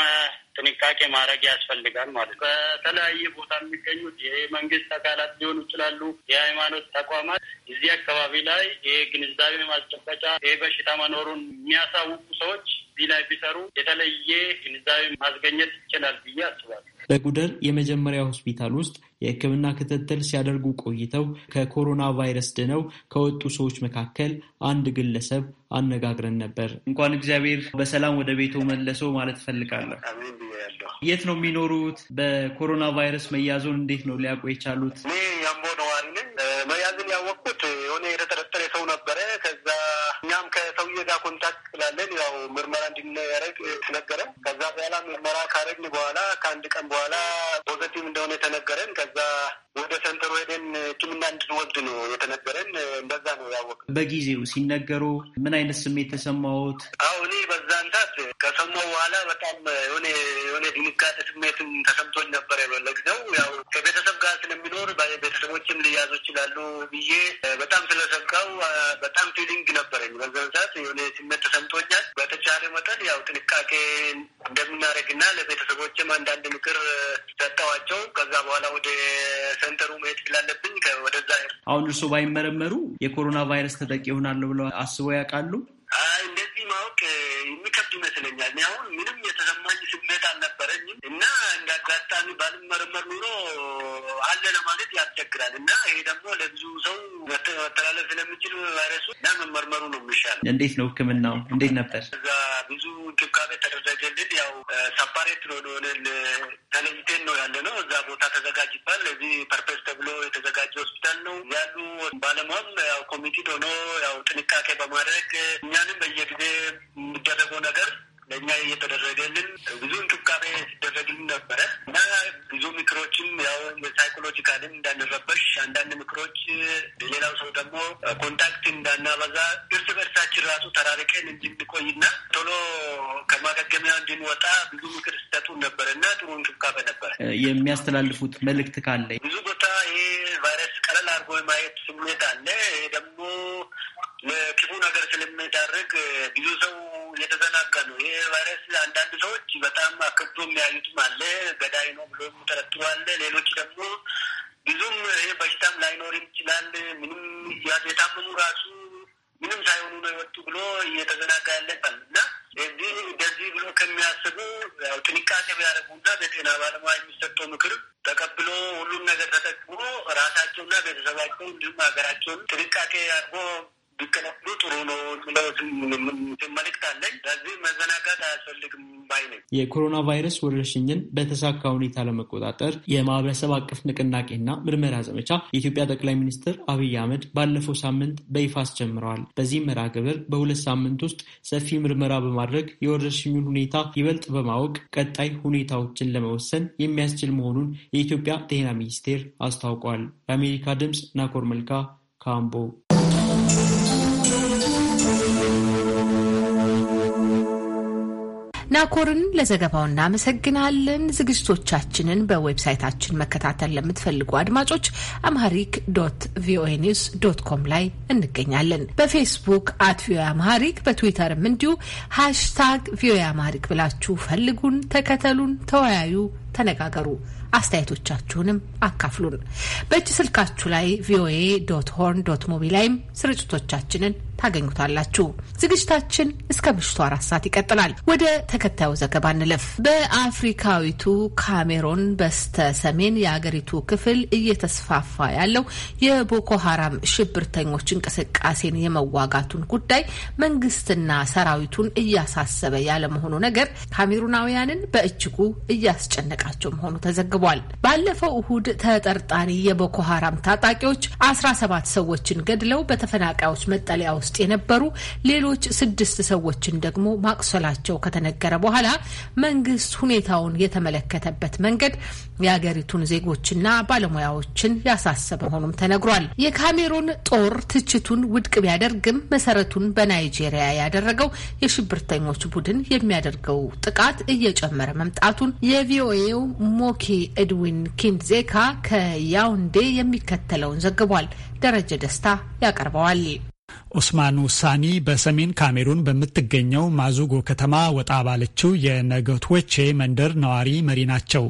ጥንቃቄ ማድረግ ያስፈልጋል ማለት ነው። በተለያየ ቦታ የሚገኙት የመንግስት አካላት ሊሆኑ ይችላሉ፣ የሃይማኖት ተቋማት እዚህ አካባቢ ላይ ይሄ ግንዛቤ ማስጨበጫ ይሄ በሽታ መኖሩን የሚያሳውቁ ሰዎች እዚህ ላይ ቢሰሩ የተለየ ግንዛቤ ማስገኘት ይችላል ብዬ አስባለሁ። በጉደር የመጀመሪያ ሆስፒታል ውስጥ የሕክምና ክትትል ሲያደርጉ ቆይተው ከኮሮና ቫይረስ ድነው ከወጡ ሰዎች መካከል አንድ ግለሰብ አነጋግረን ነበር። እንኳን እግዚአብሔር በሰላም ወደ ቤቶ መለሰው ማለት እፈልጋለሁ። የት ነው የሚኖሩት? በኮሮና ቫይረስ መያዙን እንዴት ነው ሊያውቁ የቻሉት? እኔ የአምቦ ነዋሪ ነኝ። መያዝን ያወቅኩት የሆነ የተጠረጠረ ሰው ነበረ። ከዛ እኛም ከሰውዬ ጋር ኮንታክት ስላለን ያው ምርመራ እንዲያደርግ ተነገረን። ከዛ በኋላ ምርመራ ካረግን በኋላ ከአንድ ቀን በኋላ ፖዘቲቭ እንደሆነ የተነገረን ከዛ ወደ ሰንተሩ ሄደን ሕክምና እንድንወስድ ነው የተነገረን። እንደዛ ነው ያወቅ። በጊዜው ሲነገሩ ምን አይነት ስሜት ተሰማዎት? ነበረኝ። በዛን ሰዓት የሆነ ስሜት ተሰምቶኛል። በተቻለ መጠን ያው ጥንቃቄ እንደምናደርግና ለቤተሰቦችም አንዳንድ ምክር ሰጠዋቸው። ከዛ በኋላ ወደ ሰንተሩ መሄድ ስላለብኝ ወደዛ አሁን እርስዎ ባይመረመሩ የኮሮና ቫይረስ ተጠቂ ይሆናሉ ብለው አስበው ያውቃሉ? እንደዚህ ማወቅ የሚከብድ ይመስለኛል። አሁን ምንም የተሰማኝ ስሜት አልነበረኝም እና እንደ አጋጣሚ ባልመረመር ኑሮ አለ ለማለት ያስቸግራል እና ይሄ ደግሞ ለብዙ ሰው መተላለፍ ስለሚችል ቫይረሱ እና መመርመሩ ነው የሚሻለው። እንዴት ነው ህክምናው? እንዴት ነበር? እዛ ብዙ እንክብካቤ ተደረገልን። ያው ሰፓሬት ነው ሆነን ተለይተን ነው ያለ ነው። እዛ ቦታ ተዘጋጅቷል። ለዚህ ፐርፐስ ተብሎ የተዘጋጀ ሆስፒታል ነው ያሉ ባለሙያም ያው ኮሚቴ ሆኖ ያው ጥንቃቄ በማድረግ እኛንም በየጊዜ የሚደረገው ነገር ለእኛ እየተደረገልን ብዙ እንክብካቤ ሲደረግልን ነበረ። ብዙ ምክሮችም ያው ሳይኮሎጂካልን እንዳንረበሽ፣ አንዳንድ ምክሮች ሌላው ሰው ደግሞ ኮንታክት እንዳናበዛ፣ እርስ በርሳችን ራሱ ተራርቀን እንድንቆይና ቶሎ ከማገገሚያ እንድንወጣ ብዙ ምክር ስተቱ ነበር እና ጥሩ እንክብካቤ ነበር። የሚያስተላልፉት መልእክት ካለ ብዙ ቦታ ይሄ ቫይረስ ቀለል አድርጎ ማየት ስሜት አለ። ይሄ ደግሞ ለክፉ ነገር ስለሚዳርግ ብዙ ሰው እየተዘናጋ ነው። ይህ ቫይረስ አንዳንድ ሰዎች በጣም አክብዶ የሚያዩትም አለ፣ ገዳይ ነው ብሎ የሚጠረጥሩ አለ። ሌሎች ደግሞ ብዙም ይህ በሽታም ላይኖር ይችላል። ምንም የታመሙ ራሱ ምንም ሳይሆኑ ነው የወጡ ብሎ እየተዘናጋ ያለባል እና እዚህ እንደዚህ ብሎ ከሚያስቡ ያው ጥንቃቄ ቢያደርጉና በጤና ባለሙያ የሚሰጠው ምክር ተቀብሎ ሁሉም ነገር ተጠቅሞ ራሳቸውና ቤተሰባቸው እንዲሁም ሀገራቸውን ጥንቃቄ አድርጎ ቢከለክሉ ጥሩ ነው መልእክት አለኝ። ለዚህ መዘናጋት አያስፈልግም ባይ ነኝ። የኮሮና ቫይረስ ወረርሽኝን በተሳካ ሁኔታ ለመቆጣጠር የማህበረሰብ አቀፍ ንቅናቄና ምርመራ ዘመቻ የኢትዮጵያ ጠቅላይ ሚኒስትር አብይ አህመድ ባለፈው ሳምንት በይፋ አስጀምረዋል። በዚህ መርሃ ግብር በሁለት ሳምንት ውስጥ ሰፊ ምርመራ በማድረግ የወረርሽኙን ሁኔታ ይበልጥ በማወቅ ቀጣይ ሁኔታዎችን ለመወሰን የሚያስችል መሆኑን የኢትዮጵያ ጤና ሚኒስቴር አስታውቋል። የአሜሪካ ድምፅ ናኮር መልካ ካምቦ ናኮርን ለዘገባው እናመሰግናለን። ዝግጅቶቻችንን በዌብሳይታችን መከታተል ለምትፈልጉ አድማጮች አምሃሪክ ዶት ቪኦኤ ኒውስ ዶት ኮም ላይ እንገኛለን። በፌስቡክ አት ቪኦኤ አምሃሪክ፣ በትዊተርም እንዲሁ ሃሽታግ ቪኦኤ አምሃሪክ ብላችሁ ፈልጉን፣ ተከተሉን፣ ተወያዩ፣ ተነጋገሩ። አስተያየቶቻችሁንም አካፍሉን። በእጅ ስልካችሁ ላይ ቪኦኤ ዶት ሆርን ዶት ሞቢ ላይም ስርጭቶቻችንን ታገኙታላችሁ። ዝግጅታችን እስከ ምሽቱ አራት ሰዓት ይቀጥላል። ወደ ተከታዩ ዘገባ እንለፍ። በአፍሪካዊቱ ካሜሮን በስተ ሰሜን የአገሪቱ ክፍል እየተስፋፋ ያለው የቦኮ ሀራም ሽብርተኞች እንቅስቃሴን የመዋጋቱን ጉዳይ መንግስትና ሰራዊቱን እያሳሰበ ያለመሆኑ ነገር ካሜሩናውያንን በእጅጉ እያስጨነቃቸው መሆኑ ተዘግቧል። ባለፈው እሁድ ተጠርጣሪ የቦኮ ሀራም ታጣቂዎች አስራ ሰባት ሰዎችን ገድለው በተፈናቃዮች መጠለያ ውስጥ የነበሩ ሌሎች ስድስት ሰዎችን ደግሞ ማቁሰላቸው ከተነገረ በኋላ መንግስት ሁኔታውን የተመለከተበት መንገድ የአገሪቱን ዜጎችና ባለሙያዎችን ያሳሰበ መሆኑም ተነግሯል። የካሜሩን ጦር ትችቱን ውድቅ ቢያደርግም መሰረቱን በናይጄሪያ ያደረገው የሽብርተኞች ቡድን የሚያደርገው ጥቃት እየጨመረ መምጣቱን የቪኦኤው ሞኪ ኤድዊን ኪንዜካ ከያውንዴ የሚከተለውን ዘግቧል። ደረጀ ደስታ ያቀርበዋል። ኦስማኑ ሳኒ በሰሜን ካሜሩን በምትገኘው ማዙጎ ከተማ ወጣ ባለችው የነገቶቼ መንደር ነዋሪ መሪ ናቸው።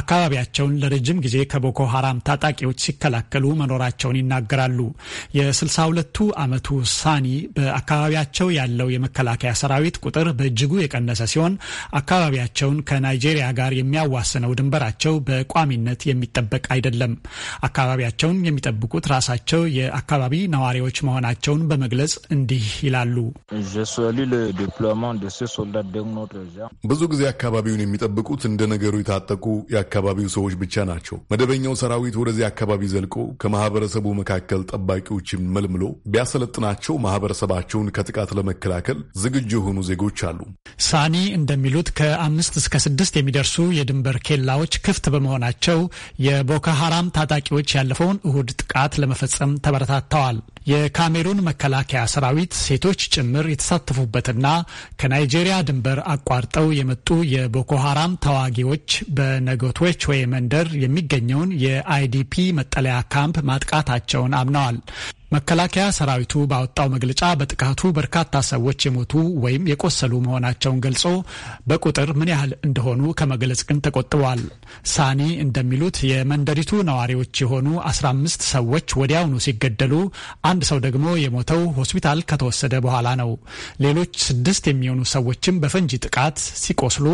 አካባቢያቸውን ለረጅም ጊዜ ከቦኮ ሀራም ታጣቂዎች ሲከላከሉ መኖራቸውን ይናገራሉ። የ62ቱ ዓመቱ ሳኒ በአካባቢያቸው ያለው የመከላከያ ሰራዊት ቁጥር በእጅጉ የቀነሰ ሲሆን አካባቢያቸውን ከናይጄሪያ ጋር የሚያዋስነው ድንበራቸው በቋሚነት የሚጠበቅ አይደለም። አካባቢያቸውን የሚጠብቁት ራሳቸው የአካባቢ ነዋሪዎች መሆናቸውን በመ በመግለጽ እንዲህ ይላሉ። ብዙ ጊዜ አካባቢውን የሚጠብቁት እንደ ነገሩ የታጠቁ የአካባቢው ሰዎች ብቻ ናቸው። መደበኛው ሰራዊት ወደዚህ አካባቢ ዘልቆ ከማህበረሰቡ መካከል ጠባቂዎችን መልምሎ ቢያሰለጥናቸው ማህበረሰባቸውን ከጥቃት ለመከላከል ዝግጁ የሆኑ ዜጎች አሉ። ሳኒ እንደሚሉት ከአምስት እስከ ስድስት የሚደርሱ የድንበር ኬላዎች ክፍት በመሆናቸው የቦኮ ሀራም ታጣቂዎች ያለፈውን እሁድ ጥቃት ለመፈጸም ተበረታተዋል። የካሜሩን መከላከያ ሰራዊት ሴቶች ጭምር የተሳተፉበትና ከናይጄሪያ ድንበር አቋርጠው የመጡ የቦኮ ሀራም ተዋጊዎች በነገቶች ወይ መንደር የሚገኘውን የአይዲፒ መጠለያ ካምፕ ማጥቃታቸውን አምነዋል። መከላከያ ሰራዊቱ ባወጣው መግለጫ በጥቃቱ በርካታ ሰዎች የሞቱ ወይም የቆሰሉ መሆናቸውን ገልጾ በቁጥር ምን ያህል እንደሆኑ ከመግለጽ ግን ተቆጥበዋል። ሳኒ እንደሚሉት የመንደሪቱ ነዋሪዎች የሆኑ 15 ሰዎች ወዲያውኑ ሲገደሉ፣ አንድ ሰው ደግሞ የሞተው ሆስፒታል ከተወሰደ በኋላ ነው። ሌሎች ስድስት የሚሆኑ ሰዎችም በፈንጂ ጥቃት ሲቆስሉ፣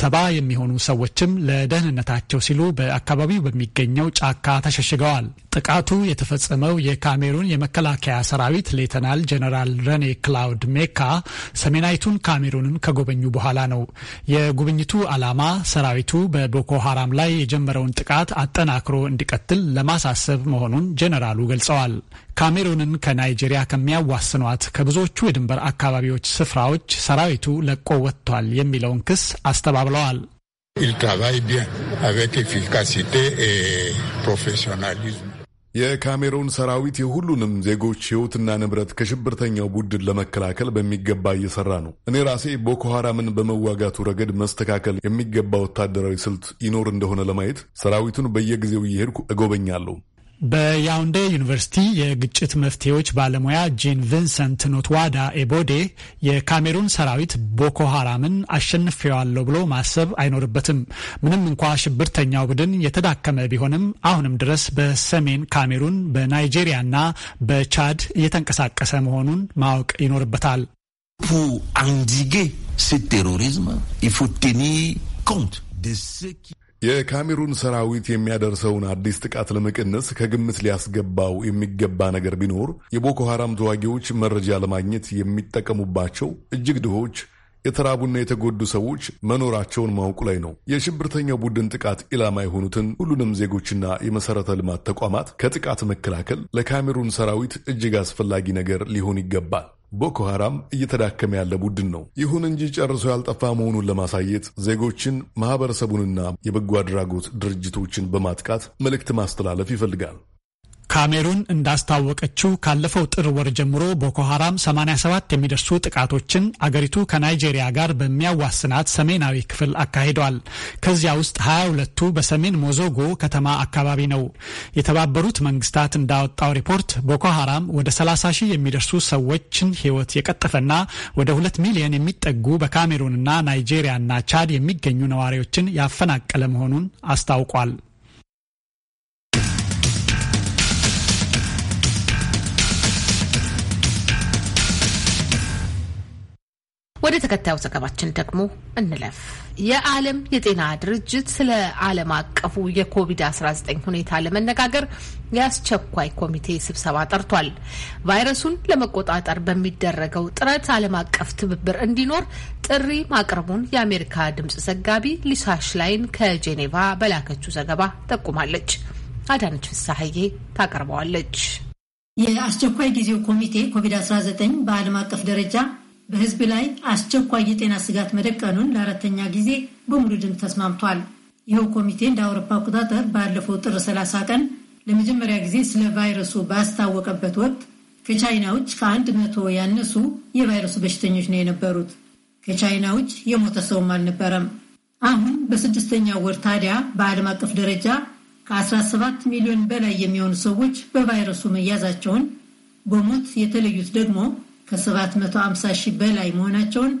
ሰባ የሚሆኑ ሰዎችም ለደህንነታቸው ሲሉ በአካባቢው በሚገኘው ጫካ ተሸሽገዋል። ጥቃቱ የተፈጸመው የካሜሩን የመከላከያ ሰራዊት ሌተናል ጀነራል ረኔ ክላውድ ሜካ ሰሜናዊቱን ካሜሩንን ከጎበኙ በኋላ ነው። የጉብኝቱ ዓላማ ሰራዊቱ በቦኮ ሀራም ላይ የጀመረውን ጥቃት አጠናክሮ እንዲቀጥል ለማሳሰብ መሆኑን ጀነራሉ ገልጸዋል። ካሜሩንን ከናይጄሪያ ከሚያዋስኗት ከብዙዎቹ የድንበር አካባቢዎች ስፍራዎች ሰራዊቱ ለቆ ወጥቷል የሚለውን ክስ አስተባብለዋል። Il travaille bien avec efficacité et professionnalisme. የካሜሩን ሰራዊት የሁሉንም ዜጎች ሕይወትና ንብረት ከሽብርተኛው ቡድን ለመከላከል በሚገባ እየሰራ ነው። እኔ ራሴ ቦኮ ሐራምን በመዋጋቱ ረገድ መስተካከል የሚገባ ወታደራዊ ስልት ይኖር እንደሆነ ለማየት ሰራዊቱን በየጊዜው እየሄድኩ እጎበኛለሁ። በያውንዴ ዩኒቨርሲቲ የግጭት መፍትሄዎች ባለሙያ ጂን ቪንሰንት ኖትዋዳ ኤቦዴ የካሜሩን ሰራዊት ቦኮ ሀራምን አሸንፌዋለሁ ብሎ ማሰብ አይኖርበትም። ምንም እንኳ ሽብርተኛው ቡድን የተዳከመ ቢሆንም አሁንም ድረስ በሰሜን ካሜሩን፣ በናይጄሪያና በቻድ እየተንቀሳቀሰ መሆኑን ማወቅ ይኖርበታል። ፑ አንዲጌ ቴሮሪዝም ኮንት የካሜሩን ሰራዊት የሚያደርሰውን አዲስ ጥቃት ለመቀነስ ከግምት ሊያስገባው የሚገባ ነገር ቢኖር የቦኮ ሐራም ተዋጊዎች መረጃ ለማግኘት የሚጠቀሙባቸው እጅግ ድሆች የተራቡና የተጎዱ ሰዎች መኖራቸውን ማወቁ ላይ ነው። የሽብርተኛው ቡድን ጥቃት ኢላማ የሆኑትን ሁሉንም ዜጎችና የመሠረተ ልማት ተቋማት ከጥቃት መከላከል ለካሜሩን ሰራዊት እጅግ አስፈላጊ ነገር ሊሆን ይገባል። ቦኮ ሐራም እየተዳከመ ያለ ቡድን ነው። ይሁን እንጂ ጨርሶ ያልጠፋ መሆኑን ለማሳየት ዜጎችን፣ ማኅበረሰቡንና የበጎ አድራጎት ድርጅቶችን በማጥቃት መልእክት ማስተላለፍ ይፈልጋል። ካሜሩን እንዳስታወቀችው ካለፈው ጥር ወር ጀምሮ ቦኮ ሀራም 87 የሚደርሱ ጥቃቶችን አገሪቱ ከናይጄሪያ ጋር በሚያዋስናት ሰሜናዊ ክፍል አካሂደዋል። ከዚያ ውስጥ 22ቱ በሰሜን ሞዞጎ ከተማ አካባቢ ነው። የተባበሩት መንግስታት እንዳወጣው ሪፖርት ቦኮ ሀራም ወደ 30 ሺህ የሚደርሱ ሰዎችን ህይወት የቀጠፈና ወደ 2 ሚሊዮን የሚጠጉ በካሜሩንና ናይጄሪያና ቻድ የሚገኙ ነዋሪዎችን ያፈናቀለ መሆኑን አስታውቋል። ወደ ተከታዩ ዘገባችን ደግሞ እንለፍ። የዓለም የጤና ድርጅት ስለ ዓለም አቀፉ የኮቪድ-19 ሁኔታ ለመነጋገር የአስቸኳይ ኮሚቴ ስብሰባ ጠርቷል። ቫይረሱን ለመቆጣጠር በሚደረገው ጥረት ዓለም አቀፍ ትብብር እንዲኖር ጥሪ ማቅረቡን የአሜሪካ ድምፅ ዘጋቢ ሊሳሽ ላይን ከጄኔቫ በላከችው ዘገባ ጠቁማለች። አዳነች ፍሳሐዬ ታቀርበዋለች። የአስቸኳይ ጊዜው ኮሚቴ ኮቪድ-19 በዓለም አቀፍ ደረጃ በህዝብ ላይ አስቸኳይ የጤና ስጋት መደቀኑን ለአራተኛ ጊዜ በሙሉ ድምፅ ተስማምቷል። ይኸው ኮሚቴ እንደ አውሮፓ አቆጣጠር ባለፈው ጥር 30 ቀን ለመጀመሪያ ጊዜ ስለ ቫይረሱ ባስታወቀበት ወቅት ከቻይና ውጭ ከአንድ መቶ ያነሱ የቫይረሱ በሽተኞች ነው የነበሩት። ከቻይና ውጭ የሞተ ሰውም አልነበረም። አሁን በስድስተኛው ወር ታዲያ በዓለም አቀፍ ደረጃ ከ17 ሚሊዮን በላይ የሚሆኑ ሰዎች በቫይረሱ መያዛቸውን በሞት የተለዩት ደግሞ ከ750 ሺህ በላይ መሆናቸውን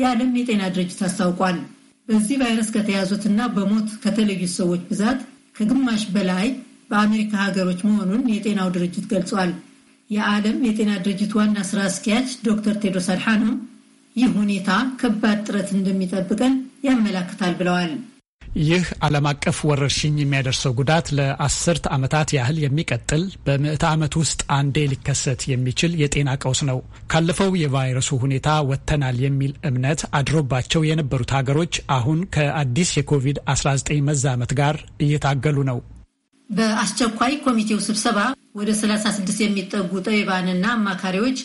የዓለም የጤና ድርጅት አስታውቋል። በዚህ ቫይረስ ከተያዙትና በሞት ከተለዩት ሰዎች ብዛት ከግማሽ በላይ በአሜሪካ ሀገሮች መሆኑን የጤናው ድርጅት ገልጿል። የዓለም የጤና ድርጅት ዋና ስራ አስኪያጅ ዶክተር ቴድሮስ አድሓኖም ይህ ሁኔታ ከባድ ጥረት እንደሚጠብቀን ያመላክታል ብለዋል። ይህ ዓለም አቀፍ ወረርሽኝ የሚያደርሰው ጉዳት ለአስርት ዓመታት ያህል የሚቀጥል በምዕተ ዓመት ውስጥ አንዴ ሊከሰት የሚችል የጤና ቀውስ ነው። ካለፈው የቫይረሱ ሁኔታ ወጥተናል የሚል እምነት አድሮባቸው የነበሩት ሀገሮች አሁን ከአዲስ የኮቪድ-19 መዛመት ጋር እየታገሉ ነው። በአስቸኳይ ኮሚቴው ስብሰባ ወደ 36 የሚጠጉ ጠቢባንና አማካሪዎች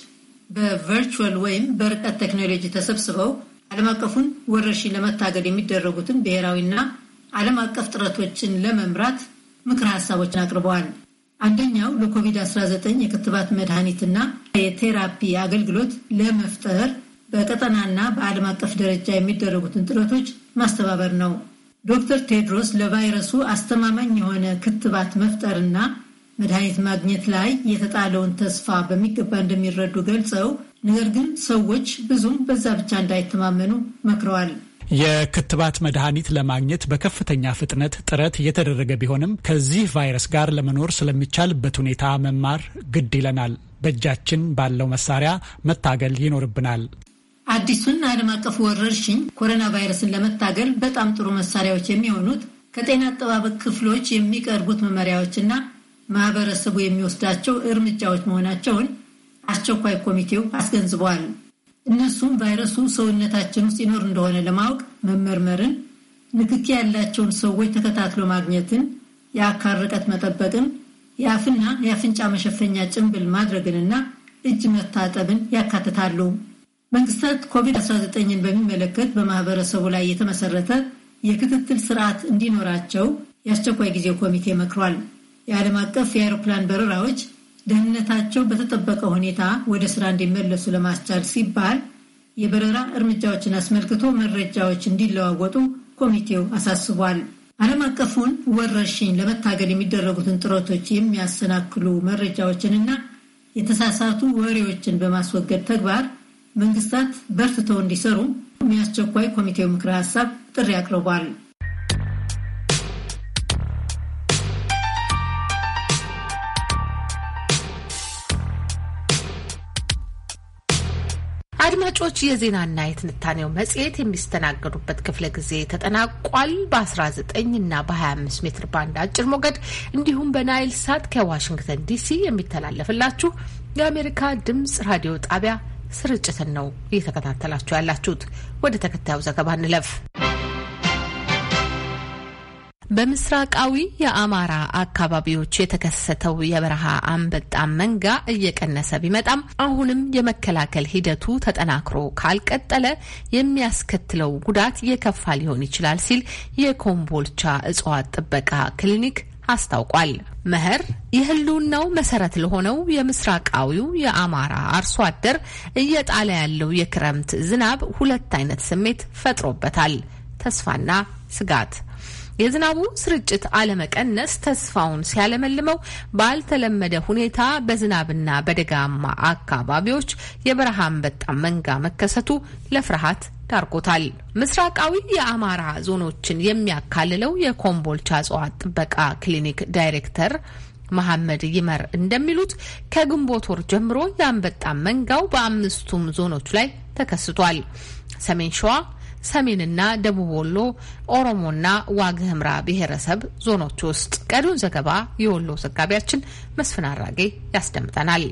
በቨርቹዋል ወይም በርቀት ቴክኖሎጂ ተሰብስበው ዓለም አቀፉን ወረርሽኝ ለመታገል የሚደረጉትን ብሔራዊና ዓለም አቀፍ ጥረቶችን ለመምራት ምክረ ሀሳቦችን አቅርበዋል። አንደኛው ለኮቪድ-19 የክትባት መድኃኒትና የቴራፒ አገልግሎት ለመፍጠር በቀጠናና በዓለም አቀፍ ደረጃ የሚደረጉትን ጥረቶች ማስተባበር ነው። ዶክተር ቴድሮስ ለቫይረሱ አስተማማኝ የሆነ ክትባት መፍጠርና መድኃኒት ማግኘት ላይ የተጣለውን ተስፋ በሚገባ እንደሚረዱ ገልጸው ነገር ግን ሰዎች ብዙም በዛ ብቻ እንዳይተማመኑ መክረዋል። የክትባት መድኃኒት ለማግኘት በከፍተኛ ፍጥነት ጥረት እየተደረገ ቢሆንም ከዚህ ቫይረስ ጋር ለመኖር ስለሚቻልበት ሁኔታ መማር ግድ ይለናል። በእጃችን ባለው መሳሪያ መታገል ይኖርብናል። አዲሱን ዓለም አቀፍ ወረርሽኝ ኮሮና ቫይረስን ለመታገል በጣም ጥሩ መሳሪያዎች የሚሆኑት ከጤና አጠባበቅ ክፍሎች የሚቀርቡት መመሪያዎችና ማህበረሰቡ የሚወስዳቸው እርምጃዎች መሆናቸውን አስቸኳይ ኮሚቴው አስገንዝቧል። እነሱም ቫይረሱ ሰውነታችን ውስጥ ይኖር እንደሆነ ለማወቅ መመርመርን፣ ንክኪ ያላቸውን ሰዎች ተከታትሎ ማግኘትን፣ የአካል ርቀት መጠበቅን፣ የአፍና የአፍንጫ መሸፈኛ ጭንብል ማድረግንና እጅ መታጠብን ያካትታሉ። መንግስታት ኮቪድ-19ን በሚመለከት በማህበረሰቡ ላይ የተመሰረተ የክትትል ስርዓት እንዲኖራቸው የአስቸኳይ ጊዜ ኮሚቴ መክሯል። የዓለም አቀፍ የአውሮፕላን በረራዎች ደህንነታቸው በተጠበቀ ሁኔታ ወደ ስራ እንዲመለሱ ለማስቻል ሲባል የበረራ እርምጃዎችን አስመልክቶ መረጃዎች እንዲለዋወጡ ኮሚቴው አሳስቧል። ዓለም አቀፉን ወረርሽኝ ለመታገል የሚደረጉትን ጥረቶች የሚያሰናክሉ መረጃዎችንና የተሳሳቱ ወሬዎችን በማስወገድ ተግባር መንግስታት በርትተው እንዲሰሩ የሚያስቸኳይ ኮሚቴው ምክረ ሀሳብ ጥሪ አቅርቧል። አድማጮች የዜናና የትንታኔው መጽሔት የሚስተናገዱበት ክፍለ ጊዜ ተጠናቋል። በ19 እና በ25 ሜትር ባንድ አጭር ሞገድ እንዲሁም በናይል ሳት ከዋሽንግተን ዲሲ የሚተላለፍላችሁ የአሜሪካ ድምፅ ራዲዮ ጣቢያ ስርጭትን ነው እየተከታተላችሁ ያላችሁት። ወደ ተከታዩ ዘገባ እንለፍ። በምስራቃዊ የአማራ አካባቢዎች የተከሰተው የበረሃ አንበጣ መንጋ እየቀነሰ ቢመጣም አሁንም የመከላከል ሂደቱ ተጠናክሮ ካልቀጠለ የሚያስከትለው ጉዳት የከፋ ሊሆን ይችላል ሲል የኮምቦልቻ እጽዋት ጥበቃ ክሊኒክ አስታውቋል። መኸር የህልውናው መሰረት ለሆነው የምስራቃዊው የአማራ አርሶ አደር እየጣለ ያለው የክረምት ዝናብ ሁለት አይነት ስሜት ፈጥሮበታል፣ ተስፋና ስጋት። የዝናቡ ስርጭት አለመቀነስ ተስፋውን ሲያለመልመው ባልተለመደ ሁኔታ በዝናብና በደጋማ አካባቢዎች የበረሃ አንበጣ መንጋ መከሰቱ ለፍርሃት ዳርጎታል። ምስራቃዊ የአማራ ዞኖችን የሚያካልለው የኮምቦልቻ እጽዋት ጥበቃ ክሊኒክ ዳይሬክተር መሐመድ ይመር እንደሚሉት ከግንቦት ወር ጀምሮ የአንበጣ መንጋው በአምስቱም ዞኖች ላይ ተከስቷል። ሰሜን ሸዋ ሰሜንና ደቡብ ወሎ ኦሮሞና ዋግ ብሔረሰብ ዞኖች ውስጥ። ቀሪውን ዘገባ የወሎ ዘጋቢያችን መስፍን አራጌ ያስደምጠናል።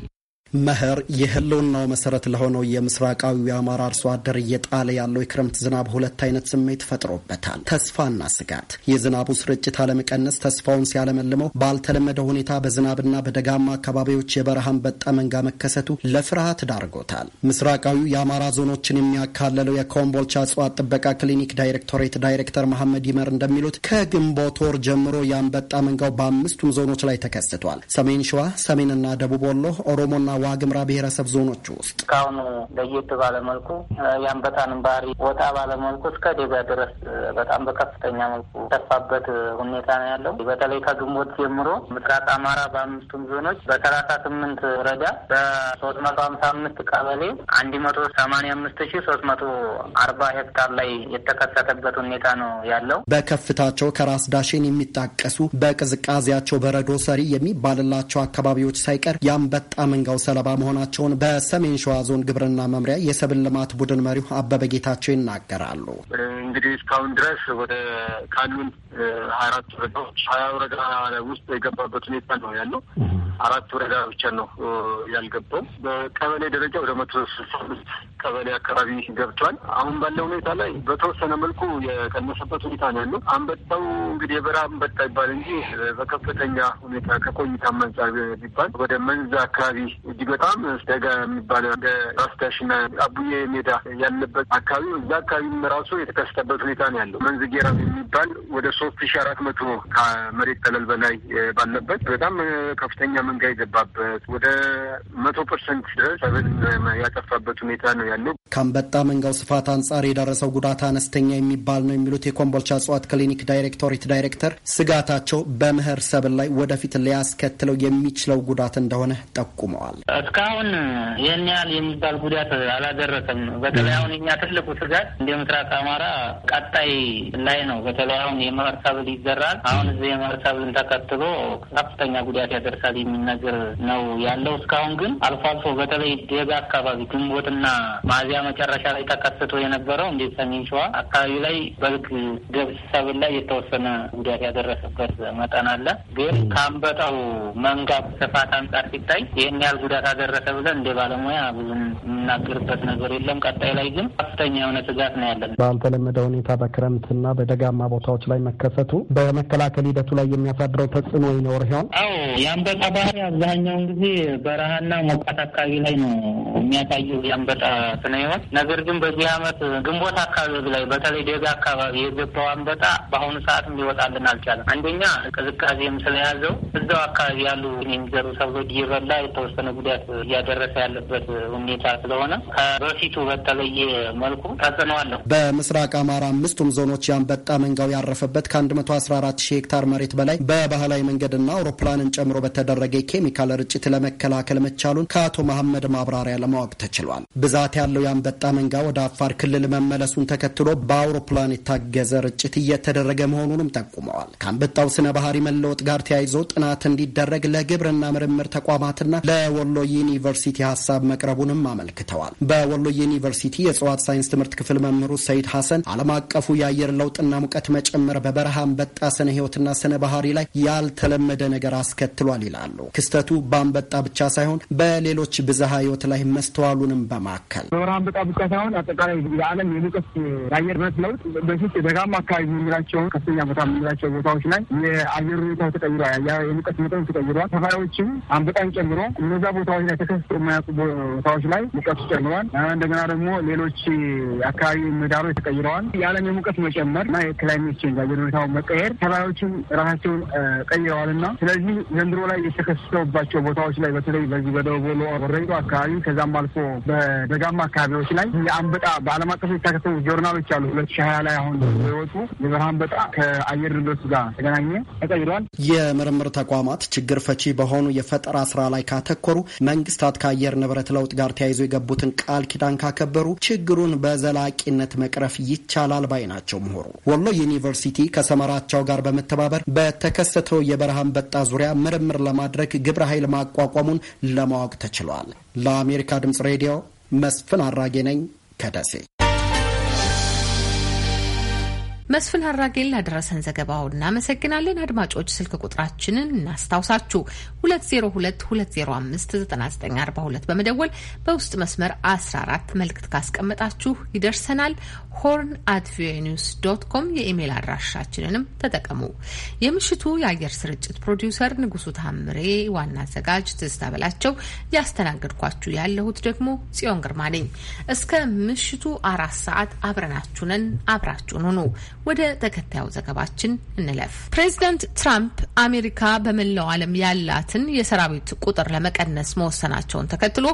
መኸር የህልውናው መሰረት ለሆነው የምስራቃዊ የአማራ አርሶ አደር እየጣለ ያለው የክረምት ዝናብ ሁለት አይነት ስሜት ፈጥሮበታል። ተስፋና ስጋት። የዝናቡ ስርጭት አለመቀነስ ተስፋውን ሲያለመልመው፣ ባልተለመደ ሁኔታ በዝናብና በደጋማ አካባቢዎች የበረሃ አንበጣ መንጋ መከሰቱ ለፍርሃት ዳርጎታል። ምስራቃዊ የአማራ ዞኖችን የሚያካለለው የኮምቦልቻ እጽዋት ጥበቃ ክሊኒክ ዳይሬክቶሬት ዳይሬክተር መሐመድ ይመር እንደሚሉት ከግንቦት ወር ጀምሮ የአንበጣ መንጋው በአምስቱም ዞኖች ላይ ተከስቷል። ሰሜን ሸዋ፣ ሰሜንና ደቡብ ወሎ፣ ኦሮሞና ዋግምራ ብሔረሰብ ዞኖች ውስጥ እስካሁኑ ለየት ባለመልኩ የአንበጣንም ባህሪ ወጣ ባለመልኩ እስከ ደጋ ድረስ በጣም በከፍተኛ መልኩ ተፋበት ሁኔታ ነው ያለው። በተለይ ከግንቦት ጀምሮ ምስራቅ አማራ በአምስቱም ዞኖች በሰላሳ ስምንት ወረዳ በሶስት መቶ ሀምሳ አምስት ቀበሌ አንድ መቶ ሰማንያ አምስት ሺ ሶስት መቶ አርባ ሄክታር ላይ የተከሰተበት ሁኔታ ነው ያለው። በከፍታቸው ከራስ ዳሽን የሚጣቀሱ በቅዝቃዜያቸው በረዶ ሰሪ የሚባልላቸው አካባቢዎች ሳይቀር የአንበጣ መንጋው ሰለባ መሆናቸውን በሰሜን ሸዋ ዞን ግብርና መምሪያ የሰብል ልማት ቡድን መሪው አበበ ጌታቸው ይናገራሉ። እንግዲህ እስካሁን ድረስ ወደ ካሉን ሀያ አራት ወረዳዎች ሀያ ወረዳ ውስጥ የገባበት ሁኔታ ነው ያለው። አራት ወረዳ ብቻ ነው ያልገባው። በቀበሌ ደረጃ ወደ መቶ ስልሳ አምስት ቀበሌ አካባቢ ገብቷል። አሁን ባለው ሁኔታ ላይ በተወሰነ መልኩ የቀነሰበት ሁኔታ ነው ያለው። አንበጣው እንግዲህ የበረሃ አንበጣ ይባል እንጂ በከፍተኛ ሁኔታ ከቆይታ አንጻር ቢባል ወደ መንዝ አካባቢ እጅግ በጣም ደጋ የሚባለ ራስዳሽና አቡዬ ሜዳ ያለበት አካባቢ እዛ አካባቢም ራሱ የተከሰተበት ሁኔታ ነው ያለው። መንዝጌራ የሚባል ወደ ሶስት ሺ አራት መቶ ከመሬት ጠለል በላይ ባለበት በጣም ከፍተኛ መንጋ የገባበት ወደ መቶ ፐርሰንት ድረስ ሰብል ያጠፋበት ሁኔታ ነው ያለው። ከአንበጣ መንጋው ስፋት አንጻር የደረሰው ጉዳት አነስተኛ የሚባል ነው የሚሉት የኮምቦልቻ እጽዋት ክሊኒክ ዳይሬክቶሬት ዳይሬክተር ስጋታቸው በምህር ሰብል ላይ ወደፊት ሊያስከትለው የሚችለው ጉዳት እንደሆነ ጠቁመዋል። እስካሁን ይህን ያህል የሚባል ጉዳት አላደረሰም። በተለይ አሁን እኛ ትልቁ ስጋት እንደ ምስራቅ አማራ ቀጣይ ላይ ነው። በተለይ አሁን የመኸር ሰብል ይዘራል። አሁን እዚህ የመኸር ሰብልን ተከትሎ ከፍተኛ ጉዳት ያደርሳል የሚነገር ነው ያለው። እስካሁን ግን አልፎ አልፎ በተለይ ደጋ አካባቢ ግንቦትና ማዚያ መጨረሻ ላይ ተከስቶ የነበረው እንደ ሰሜን ሸዋ አካባቢ ላይ በልግ ገብስ ሰብል ላይ የተወሰነ ጉዳት ያደረሰበት መጠን አለ። ግን ከአንበጣው መንጋ ስፋት አንጻር ሲታይ ይህን ያህል ጉዳት ጉዳት አደረሰ ብለን እንደ ባለሙያ ብዙም የምናገርበት ነገር የለም። ቀጣይ ላይ ግን ከፍተኛ የሆነ ስጋት ነው ያለን። ባልተለመደ ሁኔታ በክረምትና በደጋማ ቦታዎች ላይ መከሰቱ በመከላከል ሂደቱ ላይ የሚያሳድረው ተጽዕኖ ይኖር ይሆን? አዎ የአንበጣ ባህሪ አብዛኛውን ጊዜ በረሃና ሞቃት አካባቢ ላይ ነው የሚያሳየው የአንበጣ ስነ ህይወት። ነገር ግን በዚህ አመት ግንቦት አካባቢ ላይ በተለይ ደጋ አካባቢ የገባው አንበጣ በአሁኑ ሰዓት ሊወጣልን አልቻለም። አንደኛ ቅዝቃዜም ስለያዘው እዛው አካባቢ ያሉ የሚዘሩ ሰብሎች እየበላ የተወሰነ ጉዳ ጉዳት እያደረሰ ያለበት ሁኔታ ስለሆነ ከበፊቱ በተለየ መልኩ ተጽዕኖ አለው። በምስራቅ አማራ አምስቱም ዞኖች የአንበጣ መንጋው ያረፈበት ከ114 ሺህ ሄክታር መሬት በላይ በባህላዊ መንገድና አውሮፕላንን ጨምሮ በተደረገ የኬሚካል ርጭት ለመከላከል መቻሉን ከአቶ መሐመድ ማብራሪያ ለማወቅ ተችሏል። ብዛት ያለው የአንበጣ መንጋ ወደ አፋር ክልል መመለሱን ተከትሎ በአውሮፕላን የታገዘ ርጭት እየተደረገ መሆኑንም ጠቁመዋል። ከአንበጣው ስነ ባህሪ መለወጥ ጋር ተያይዞ ጥናት እንዲደረግ ለግብርና ምርምር ተቋማትና ለወሎ ወሎ ዩኒቨርሲቲ ሀሳብ መቅረቡንም አመልክተዋል። በወሎ ዩኒቨርሲቲ የእጽዋት ሳይንስ ትምህርት ክፍል መምህሩ ሰይድ ሐሰን ዓለም አቀፉ የአየር ለውጥና ሙቀት መጨመር በበረሃ አንበጣ ስነ ህይወትና ስነ ባህሪ ላይ ያልተለመደ ነገር አስከትሏል ይላሉ። ክስተቱ በአንበጣ ብቻ ሳይሆን በሌሎች ብዝሃ ህይወት ላይ መስተዋሉንም በማከል በበረሃ አንበጣ ብቻ ሳይሆን አጠቃላይ የዓለም የሙቀት የአየር ነት ለውጥ በፊት የደጋማ አካባቢ የምንላቸውን ከፍተኛ ቦታ የምንላቸው ቦታዎች ላይ የአየር ሁኔታው ተቀይሯል። የሙቀት መጠኑ ተቀይሯል። ተፋሪዎችም አንበጣን ጨምሮ እነዛ ቦታ ቦታዎች ላይ ተከስቶ የማያውቁ ቦታዎች ላይ ሙቀቱ ጨምሯል። እንደገና ደግሞ ሌሎች አካባቢ ምህዳሮች ተቀይረዋል። የዓለም የሙቀት መጨመር እና የክላይሜት ቼንጅ አየር ሁኔታውን መቀየር ተባዮችም ራሳቸውን ቀይረዋል እና ስለዚህ ዘንድሮ ላይ የተከሰተባቸው ቦታዎች ላይ በተለይ በዚህ በደቡብ ወሎ ወረይሉ አካባቢ ከዛም አልፎ በደጋማ አካባቢዎች ላይ የአንበጣ በዓለም አቀፍ የተካተቱ ጆርናሎች አሉ ሁለት ሺህ ሀያ ላይ አሁን የወጡ የበረሃ አንበጣ ከአየር ንብረቱ ጋር ተገናኘ ተቀይረዋል። የምርምር ተቋማት ችግር ፈቺ በሆኑ የፈጠራ ስራ ላይ ካተኮሩ መንግስታት ከአየር ንብረት ለውጥ ጋር ተያይዞ የገቡትን ቃል ኪዳን ካከበሩ ችግሩን በዘላቂነት መቅረፍ ይቻላል ባይ ናቸው ምሁሩ። ወሎ ዩኒቨርሲቲ ከሰመራቸው ጋር በመተባበር በተከሰተው የበረሃ አንበጣ ዙሪያ ምርምር ለማድረግ ግብረ ኃይል ማቋቋሙን ለማወቅ ተችሏል። ለአሜሪካ ድምጽ ሬዲዮ መስፍን አራጌ ነኝ ከደሴ። መስፍን ሀራጌን ላደረሰን ዘገባው እናመሰግናለን። አድማጮች ስልክ ቁጥራችንን እናስታውሳችሁ 2022059942 በመደወል በውስጥ መስመር 14 መልእክት ካስቀመጣችሁ ይደርሰናል። ሆርን አት ቪኦኤ ኒውስ ዶት ኮም የኢሜይል አድራሻችንንም ተጠቀሙ። የምሽቱ የአየር ስርጭት ፕሮዲውሰር ንጉሱ ታምሬ፣ ዋና አዘጋጅ ትዝታ በላቸው፣ ያስተናገድኳችሁ ያለሁት ደግሞ ጽዮን ግርማ ነኝ። እስከ ምሽቱ አራት ሰዓት አብረናችሁንን አብራችሁን ሁኑ። ወደ ተከታዩ ዘገባችን እንለፍ። ፕሬዚዳንት ትራምፕ አሜሪካ በመላው ዓለም ያላትን የሰራዊት ቁጥር ለመቀነስ መወሰናቸውን ተከትሎ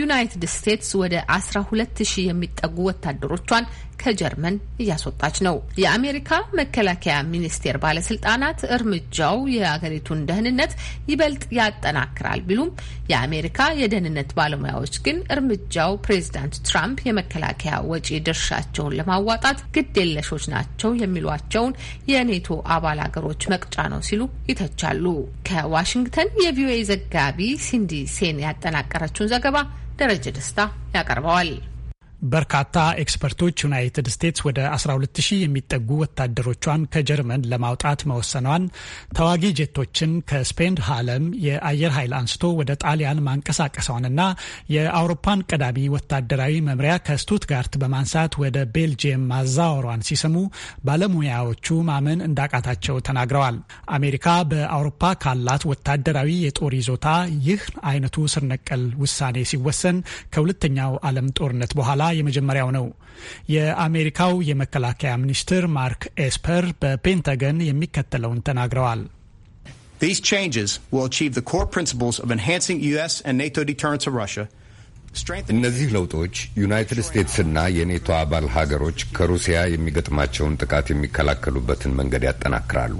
ዩናይትድ ስቴትስ ወደ 12 ሺህ የሚጠጉ ወታደሮቿን ከጀርመን እያስወጣች ነው። የአሜሪካ መከላከያ ሚኒስቴር ባለስልጣናት እርምጃው የአገሪቱን ደህንነት ይበልጥ ያጠናክራል ቢሉም የአሜሪካ የደህንነት ባለሙያዎች ግን እርምጃው ፕሬዚዳንት ትራምፕ የመከላከያ ወጪ ድርሻቸውን ለማዋጣት ግዴለሾች ናቸው የሚሏቸውን የኔቶ አባል አገሮች መቅጫ ነው ሲሉ ይተቻሉ። ከዋሽንግተን የቪኦኤ ዘጋቢ ሲንዲ ሴን ያጠናቀረችውን ዘገባ ደረጀ ደስታ ያቀርበዋል። በርካታ ኤክስፐርቶች ዩናይትድ ስቴትስ ወደ 120 የሚጠጉ ወታደሮቿን ከጀርመን ለማውጣት መወሰኗን፣ ተዋጊ ጄቶችን ከስፔን ሀለም የአየር ኃይል አንስቶ ወደ ጣሊያን ማንቀሳቀሰውንና የአውሮፓን ቀዳሚ ወታደራዊ መምሪያ ከስቱትጋርት በማንሳት ወደ ቤልጅየም ማዛወሯን ሲሰሙ ባለሙያዎቹ ማመን እንዳቃታቸው ተናግረዋል። አሜሪካ በአውሮፓ ካላት ወታደራዊ የጦር ይዞታ ይህ አይነቱ ስርነቀል ውሳኔ ሲወሰን ከሁለተኛው ዓለም ጦርነት በኋላ የመጀመሪያው ነው። የአሜሪካው የመከላከያ ሚኒስትር ማርክ ኤስፐር በፔንታገን የሚከተለውን ተናግረዋል። These changes will achieve the core principles of enhancing U.S. and NATO deterrence of Russia. እነዚህ ለውጦች ዩናይትድ ስቴትስና የኔቶ አባል ሀገሮች ከሩሲያ የሚገጥማቸውን ጥቃት የሚከላከሉበትን መንገድ ያጠናክራሉ።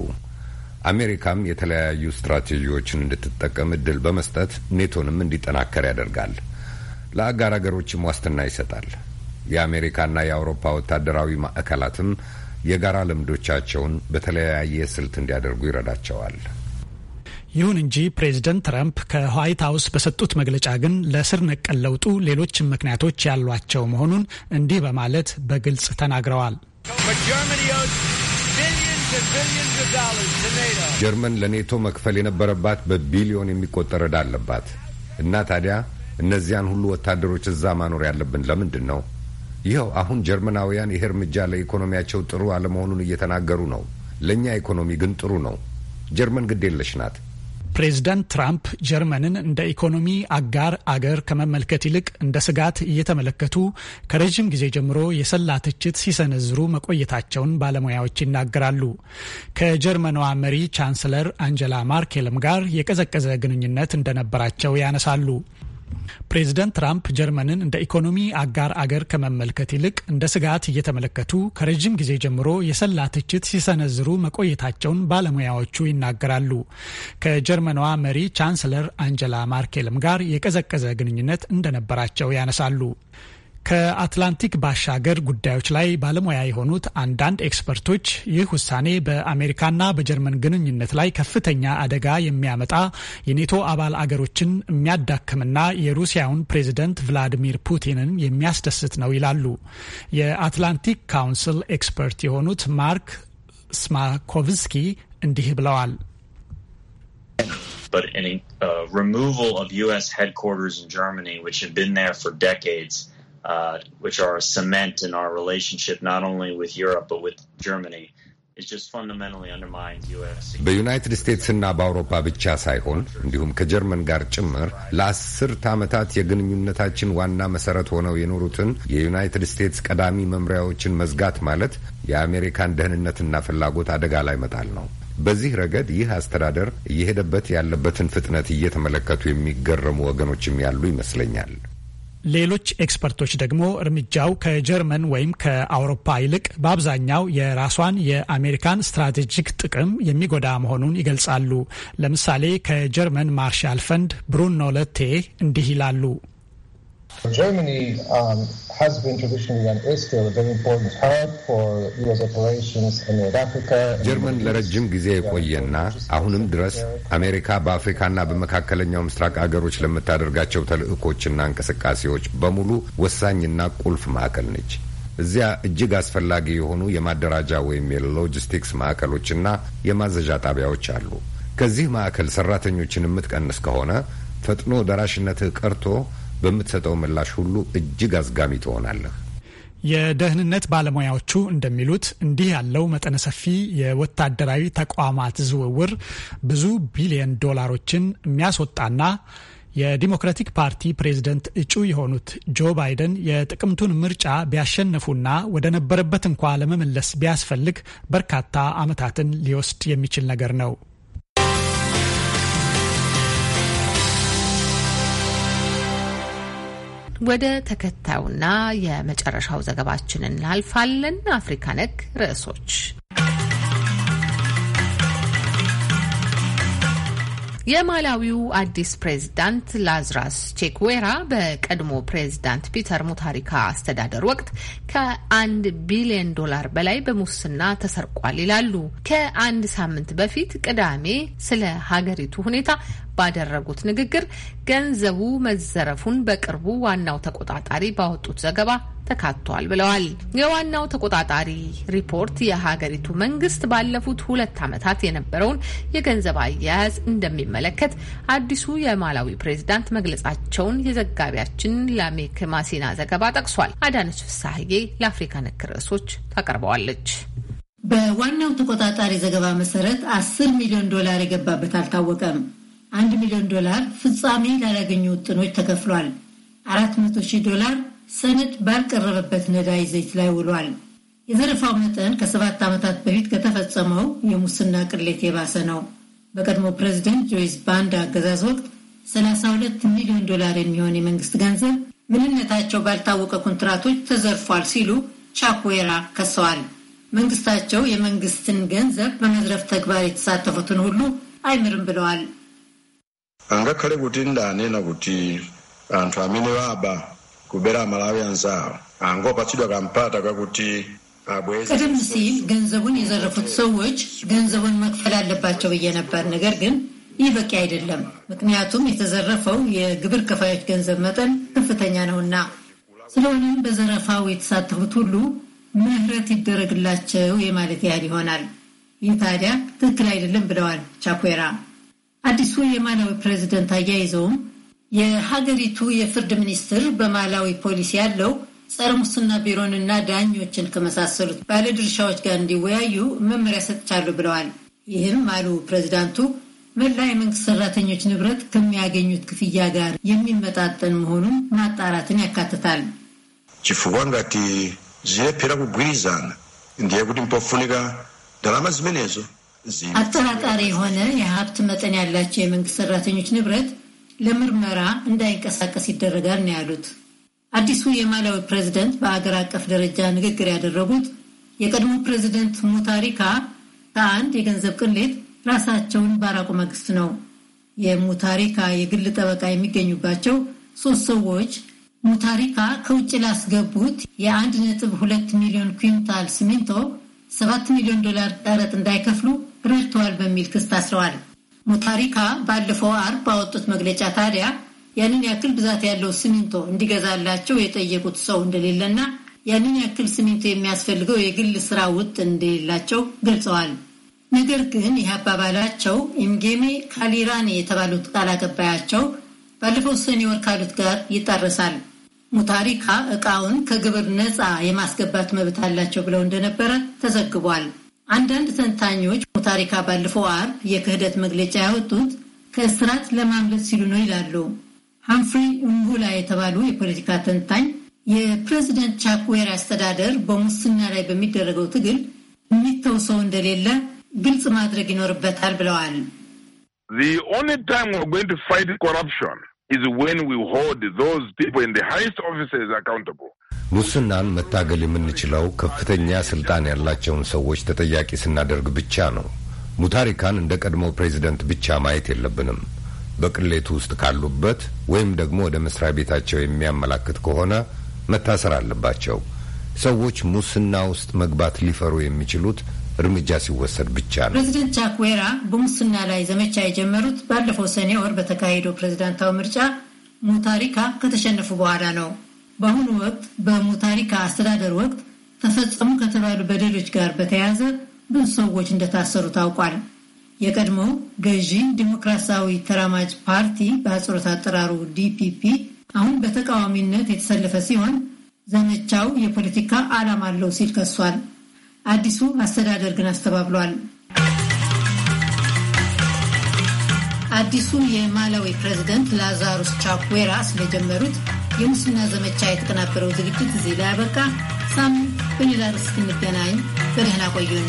አሜሪካም የተለያዩ ስትራቴጂዎችን እንድትጠቀም እድል በመስጠት ኔቶንም እንዲጠናከር ያደርጋል። ለአጋር አገሮችም ዋስትና ይሰጣል። የአሜሪካና የአውሮፓ ወታደራዊ ማዕከላትም የጋራ ልምዶቻቸውን በተለያየ ስልት እንዲያደርጉ ይረዳቸዋል። ይሁን እንጂ ፕሬዝደንት ትራምፕ ከዋይት ሀውስ በሰጡት መግለጫ ግን ለስር ነቀል ለውጡ ሌሎችም ምክንያቶች ያሏቸው መሆኑን እንዲህ በማለት በግልጽ ተናግረዋል። ጀርመን ለኔቶ መክፈል የነበረባት በቢሊዮን የሚቆጠር እዳ አለባት እና ታዲያ እነዚያን ሁሉ ወታደሮች እዛ ማኖር ያለብን ለምንድን ነው? ይኸው አሁን ጀርመናውያን ይህ እርምጃ ለኢኮኖሚያቸው ጥሩ አለመሆኑን እየተናገሩ ነው። ለእኛ ኢኮኖሚ ግን ጥሩ ነው። ጀርመን ግድ የለሽ ናት። ፕሬዚዳንት ትራምፕ ጀርመንን እንደ ኢኮኖሚ አጋር አገር ከመመልከት ይልቅ እንደ ስጋት እየተመለከቱ ከረዥም ጊዜ ጀምሮ የሰላ ትችት ሲሰነዝሩ መቆየታቸውን ባለሙያዎች ይናገራሉ። ከጀርመኗ መሪ ቻንስለር አንጀላ ማርኬልም ጋር የቀዘቀዘ ግንኙነት እንደነበራቸው ያነሳሉ። ፕሬዚደንት ትራምፕ ጀርመንን እንደ ኢኮኖሚ አጋር አገር ከመመልከት ይልቅ እንደ ስጋት እየተመለከቱ ከረዥም ጊዜ ጀምሮ የሰላ ትችት ሲሰነዝሩ መቆየታቸውን ባለሙያዎቹ ይናገራሉ። ከጀርመኗ መሪ ቻንስለር አንጀላ ማርኬልም ጋር የቀዘቀዘ ግንኙነት እንደነበራቸው ያነሳሉ። ከአትላንቲክ ባሻገር ጉዳዮች ላይ ባለሙያ የሆኑት አንዳንድ ኤክስፐርቶች ይህ ውሳኔ በአሜሪካና በጀርመን ግንኙነት ላይ ከፍተኛ አደጋ የሚያመጣ የኔቶ አባል አገሮችን የሚያዳክምና የሩሲያውን ፕሬዝደንት ቭላዲሚር ፑቲንን የሚያስደስት ነው ይላሉ። የአትላንቲክ ካውንስል ኤክስፐርት የሆኑት ማርክ ስማኮቭስኪ እንዲህ ብለዋል። But any uh, removal of U.S. headquarters in Germany, which had been there for decades, uh, which are a cement in our relationship not only with Europe but with Germany. በዩናይትድ ስቴትስና በአውሮፓ ብቻ ሳይሆን እንዲሁም ከጀርመን ጋር ጭምር ለአስርት ዓመታት የግንኙነታችን ዋና መሰረት ሆነው የኖሩትን የዩናይትድ ስቴትስ ቀዳሚ መምሪያዎችን መዝጋት ማለት የአሜሪካን ደህንነትና ፍላጎት አደጋ ላይ መጣል ነው። በዚህ ረገድ ይህ አስተዳደር እየሄደበት ያለበትን ፍጥነት እየተመለከቱ የሚገረሙ ወገኖችም ያሉ ይመስለኛል። ሌሎች ኤክስፐርቶች ደግሞ እርምጃው ከጀርመን ወይም ከአውሮፓ ይልቅ በአብዛኛው የራሷን የአሜሪካን ስትራቴጂክ ጥቅም የሚጎዳ መሆኑን ይገልጻሉ። ለምሳሌ ከጀርመን ማርሻል ፈንድ ብሩኖ ለቴ እንዲህ ይላሉ። ጀርመን um, ለረጅም ጊዜ የቆየና አሁንም ድረስ አሜሪካ በአፍሪካና በመካከለኛው ምስራቅ አገሮች ለምታደርጋቸው ተልዕኮችና እንቅስቃሴዎች በሙሉ ወሳኝና ቁልፍ ማዕከል ነች። እዚያ እጅግ አስፈላጊ የሆኑ የማደራጃ ወይም የሎጂስቲክስ ማዕከሎችና የማዘዣ ጣቢያዎች አሉ። ከዚህ ማዕከል ሰራተኞችን የምትቀንስ ከሆነ ፈጥኖ ደራሽነትህ ቀርቶ በምትሰጠው ምላሽ ሁሉ እጅግ አዝጋሚ ትሆናለህ። የደህንነት ባለሙያዎቹ እንደሚሉት እንዲህ ያለው መጠነ ሰፊ የወታደራዊ ተቋማት ዝውውር ብዙ ቢሊዮን ዶላሮችን የሚያስወጣና የዲሞክራቲክ ፓርቲ ፕሬዝደንት እጩ የሆኑት ጆ ባይደን የጥቅምቱን ምርጫ ቢያሸንፉና ወደ ነበረበት እንኳ ለመመለስ ቢያስፈልግ በርካታ ዓመታትን ሊወስድ የሚችል ነገር ነው። ወደ ተከታዩና የመጨረሻው ዘገባችንን እናልፋለን። አፍሪካ ነክ ርዕሶች የማላዊው አዲስ ፕሬዝዳንት ላዝራስ ቼክዌራ በቀድሞ ፕሬዝዳንት ፒተር ሙታሪካ አስተዳደር ወቅት ከአንድ ቢሊዮን ዶላር በላይ በሙስና ተሰርቋል ይላሉ። ከአንድ ሳምንት በፊት ቅዳሜ ስለ ሀገሪቱ ሁኔታ ባደረጉት ንግግር ገንዘቡ መዘረፉን በቅርቡ ዋናው ተቆጣጣሪ ባወጡት ዘገባ ተካቷል ብለዋል። የዋናው ተቆጣጣሪ ሪፖርት የሀገሪቱ መንግስት ባለፉት ሁለት ዓመታት የነበረውን የገንዘብ አያያዝ እንደሚመለከት አዲሱ የማላዊ ፕሬዝዳንት መግለጻቸውን የዘጋቢያችን ላሜክ ማሲና ዘገባ ጠቅሷል። አዳነች ፍሳሀዬ ለአፍሪካ ነክ ርዕሶች ታቀርበዋለች። በዋናው ተቆጣጣሪ ዘገባ መሰረት አስር ሚሊዮን ዶላር የገባበት አልታወቀም። አንድ ሚሊዮን ዶላር ፍጻሜ ላላገኙ ውጥኖች ተከፍሏል። መቶ ሺህ ዶላር ሰነድ ባልቀረበበት ነዳጅ ዘይት ላይ ውሏል። የዘረፋው መጠን ከሰባት ዓመታት በፊት ከተፈጸመው የሙስና ቅሌት የባሰ ነው። በቀድሞ ፕሬዚደንት ጆይስ ባንድ አገዛዝ ወቅት 32 ሚሊዮን ዶላር የሚሆን የመንግስት ገንዘብ ምንነታቸው ባልታወቀ ኮንትራቶች ተዘርፏል ሲሉ ቻኩዌራ ከሰዋል። መንግስታቸው የመንግስትን ገንዘብ በመዝረፍ ተግባር የተሳተፉትን ሁሉ አይምርም ብለዋል። angakhale khali kuti ndanena kuti anthu amene waba kubera malawi anzawo angopatsidwa opatsidwa kampata kakuti ቀደም ሲል ገንዘቡን የዘረፉት ሰዎች ገንዘቡን መክፈል አለባቸው ብዬ ነበር። ነገር ግን ይህ በቂ አይደለም፣ ምክንያቱም የተዘረፈው የግብር ከፋዮች ገንዘብ መጠን ከፍተኛ ነውና። ስለሆነም በዘረፋው የተሳተፉት ሁሉ ምህረት ይደረግላቸው የማለት ያህል ይሆናል። ይህ ታዲያ ትክክል አይደለም ብለዋል ቻኩራ። አዲሱ የማላዊ ፕሬዚደንት አያይዘውም የሀገሪቱ የፍርድ ሚኒስትር በማላዊ ፖሊሲ ያለው ጸረ ሙስና ቢሮንና ዳኞችን ከመሳሰሉት ባለድርሻዎች ጋር እንዲወያዩ መመሪያ ሰጥቻለሁ ብለዋል። ይህም አሉ ፕሬዚዳንቱ፣ መላ የመንግስት ሰራተኞች ንብረት ከሚያገኙት ክፍያ ጋር የሚመጣጠን መሆኑን ማጣራትን ያካትታል። ቺፉዋንጋቲ ዜ ፒረጉ ጉሪዛን እንዲያጉድን ፖፉኒጋ ደራመዝ ምን አጠራጣሪ የሆነ የሀብት መጠን ያላቸው የመንግስት ሰራተኞች ንብረት ለምርመራ እንዳይንቀሳቀስ ይደረጋል ነው ያሉት። አዲሱ የማላዊ ፕሬዚደንት በአገር አቀፍ ደረጃ ንግግር ያደረጉት የቀድሞ ፕሬዚደንት ሙታሪካ ከአንድ የገንዘብ ቅሌት ራሳቸውን ባራቁ ማግስት ነው። የሙታሪካ የግል ጠበቃ የሚገኙባቸው ሶስት ሰዎች ሙታሪካ ከውጭ ላስገቡት የ1.2 ሚሊዮን ኩንታል ሲሚንቶ 7 ሚሊዮን ዶላር ቀረጥ እንዳይከፍሉ ረድተዋል በሚል ክስ ታስረዋል። ሙታሪካ ባለፈው አርብ ባወጡት መግለጫ ታዲያ ያንን ያክል ብዛት ያለው ሲሚንቶ እንዲገዛላቸው የጠየቁት ሰው እንደሌለና ያንን ያክል ሲሚንቶ የሚያስፈልገው የግል ስራ ውጥ እንደሌላቸው ገልጸዋል። ነገር ግን ይህ አባባላቸው ኤምጌሜ ካሊራኔ የተባሉት ቃል አቀባያቸው ባለፈው ሰኔ ወር ካሉት ጋር ይጣረሳል። ሙታሪካ እቃውን ከግብር ነፃ የማስገባት መብት አላቸው ብለው እንደነበረ ተዘግቧል። አንዳንድ ተንታኞች ሙታሪካ ባለፈው አርብ የክህደት መግለጫ ያወጡት ከእስራት ለማምለጥ ሲሉ ነው ይላሉ። ሃምፍሪ እምቡላ የተባሉ የፖለቲካ ተንታኝ የፕሬዚደንት ቻኩዌር አስተዳደር በሙስና ላይ በሚደረገው ትግል የሚተው ሰው እንደሌለ ግልጽ ማድረግ ይኖርበታል ብለዋል። The only time we're going to fight corruption is when we hold those people in the highest offices accountable. ሙስናን መታገል የምንችለው ከፍተኛ ስልጣን ያላቸውን ሰዎች ተጠያቂ ስናደርግ ብቻ ነው። ሙታሪካን እንደ ቀድሞ ፕሬዚደንት ብቻ ማየት የለብንም። በቅሌቱ ውስጥ ካሉበት ወይም ደግሞ ወደ መስሪያ ቤታቸው የሚያመላክት ከሆነ መታሰር አለባቸው። ሰዎች ሙስና ውስጥ መግባት ሊፈሩ የሚችሉት እርምጃ ሲወሰድ ብቻ ነው። ፕሬዚደንት ቻክዌራ በሙስና ላይ ዘመቻ የጀመሩት ባለፈው ሰኔ ወር በተካሄደው ፕሬዚዳንታዊ ምርጫ ሙታሪካ ከተሸነፉ በኋላ ነው። በአሁኑ ወቅት በሙታሪካ አስተዳደር ወቅት ተፈጸሙ ከተባሉ በደሎች ጋር በተያያዘ ብዙ ሰዎች እንደታሰሩ ታውቋል። የቀድሞው ገዢ ዲሞክራሲያዊ ተራማጅ ፓርቲ በአጽሮት አጠራሩ ዲፒፒ አሁን በተቃዋሚነት የተሰለፈ ሲሆን ዘመቻው የፖለቲካ ዓላማ አለው ሲል ከሷል። አዲሱ አስተዳደር ግን አስተባብሏል። አዲሱ የማላዊ ፕሬዚደንት ላዛሩስ ቻኩዌራ ስለጀመሩት የሙስና ዘመቻ የተቀናበረው ዝግጅት እዚህ ላይ አበቃ። ሳምንት በሌላ ርዕስ እስክንገናኝ በደህና ቆዩን።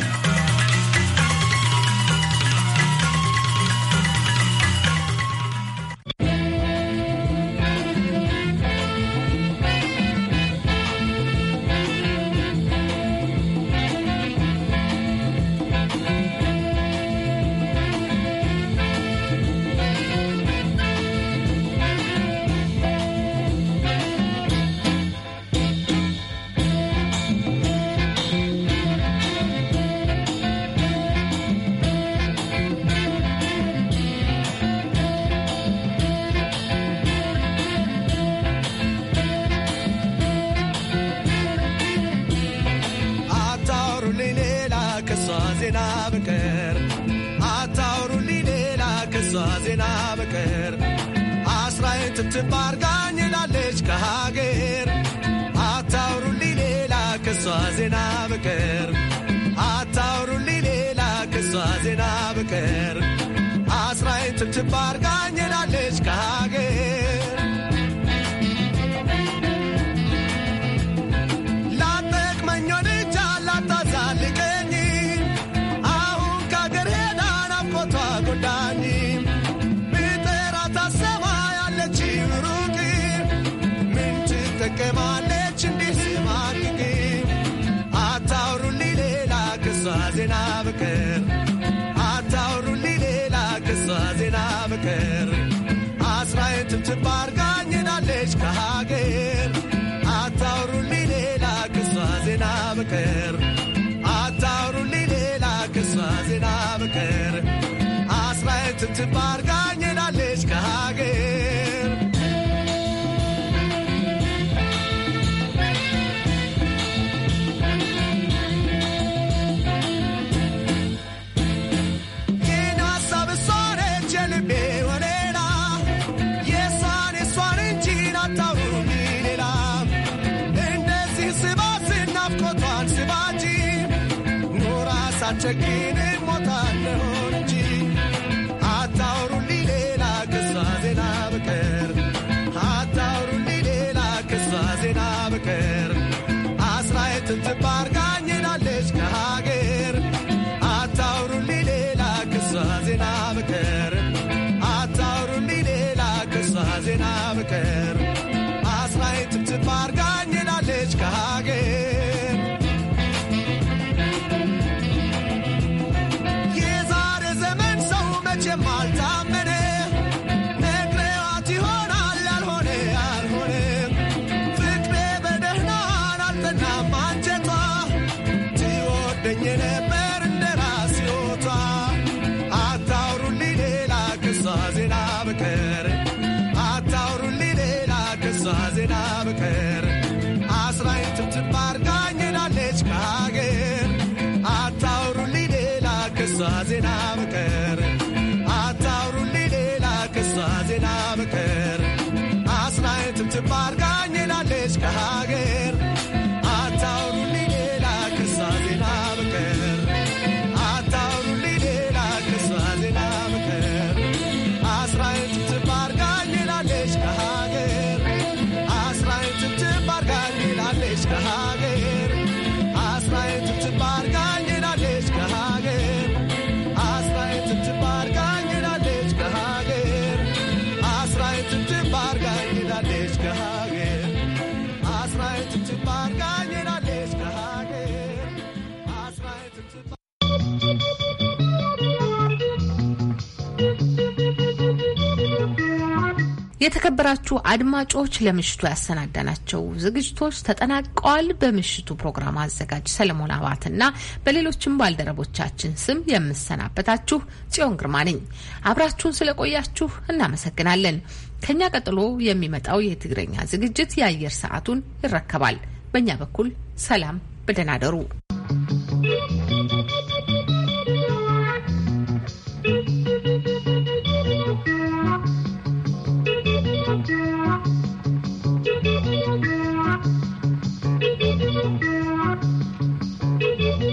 ትባርካኝ ላለች ከሀገር የተከበራችሁ አድማጮች ለምሽቱ ያሰናዳናቸው ዝግጅቶች ተጠናቀዋል። በምሽቱ ፕሮግራም አዘጋጅ ሰለሞን አባትና በሌሎችም ባልደረቦቻችን ስም የምሰናበታችሁ ጽዮን ግርማ ነኝ። አብራችሁን ስለቆያችሁ እናመሰግናለን። ከኛ ቀጥሎ የሚመጣው የትግረኛ ዝግጅት የአየር ሰዓቱን ይረከባል። በእኛ በኩል ሰላም፣ በደህና ደሩ።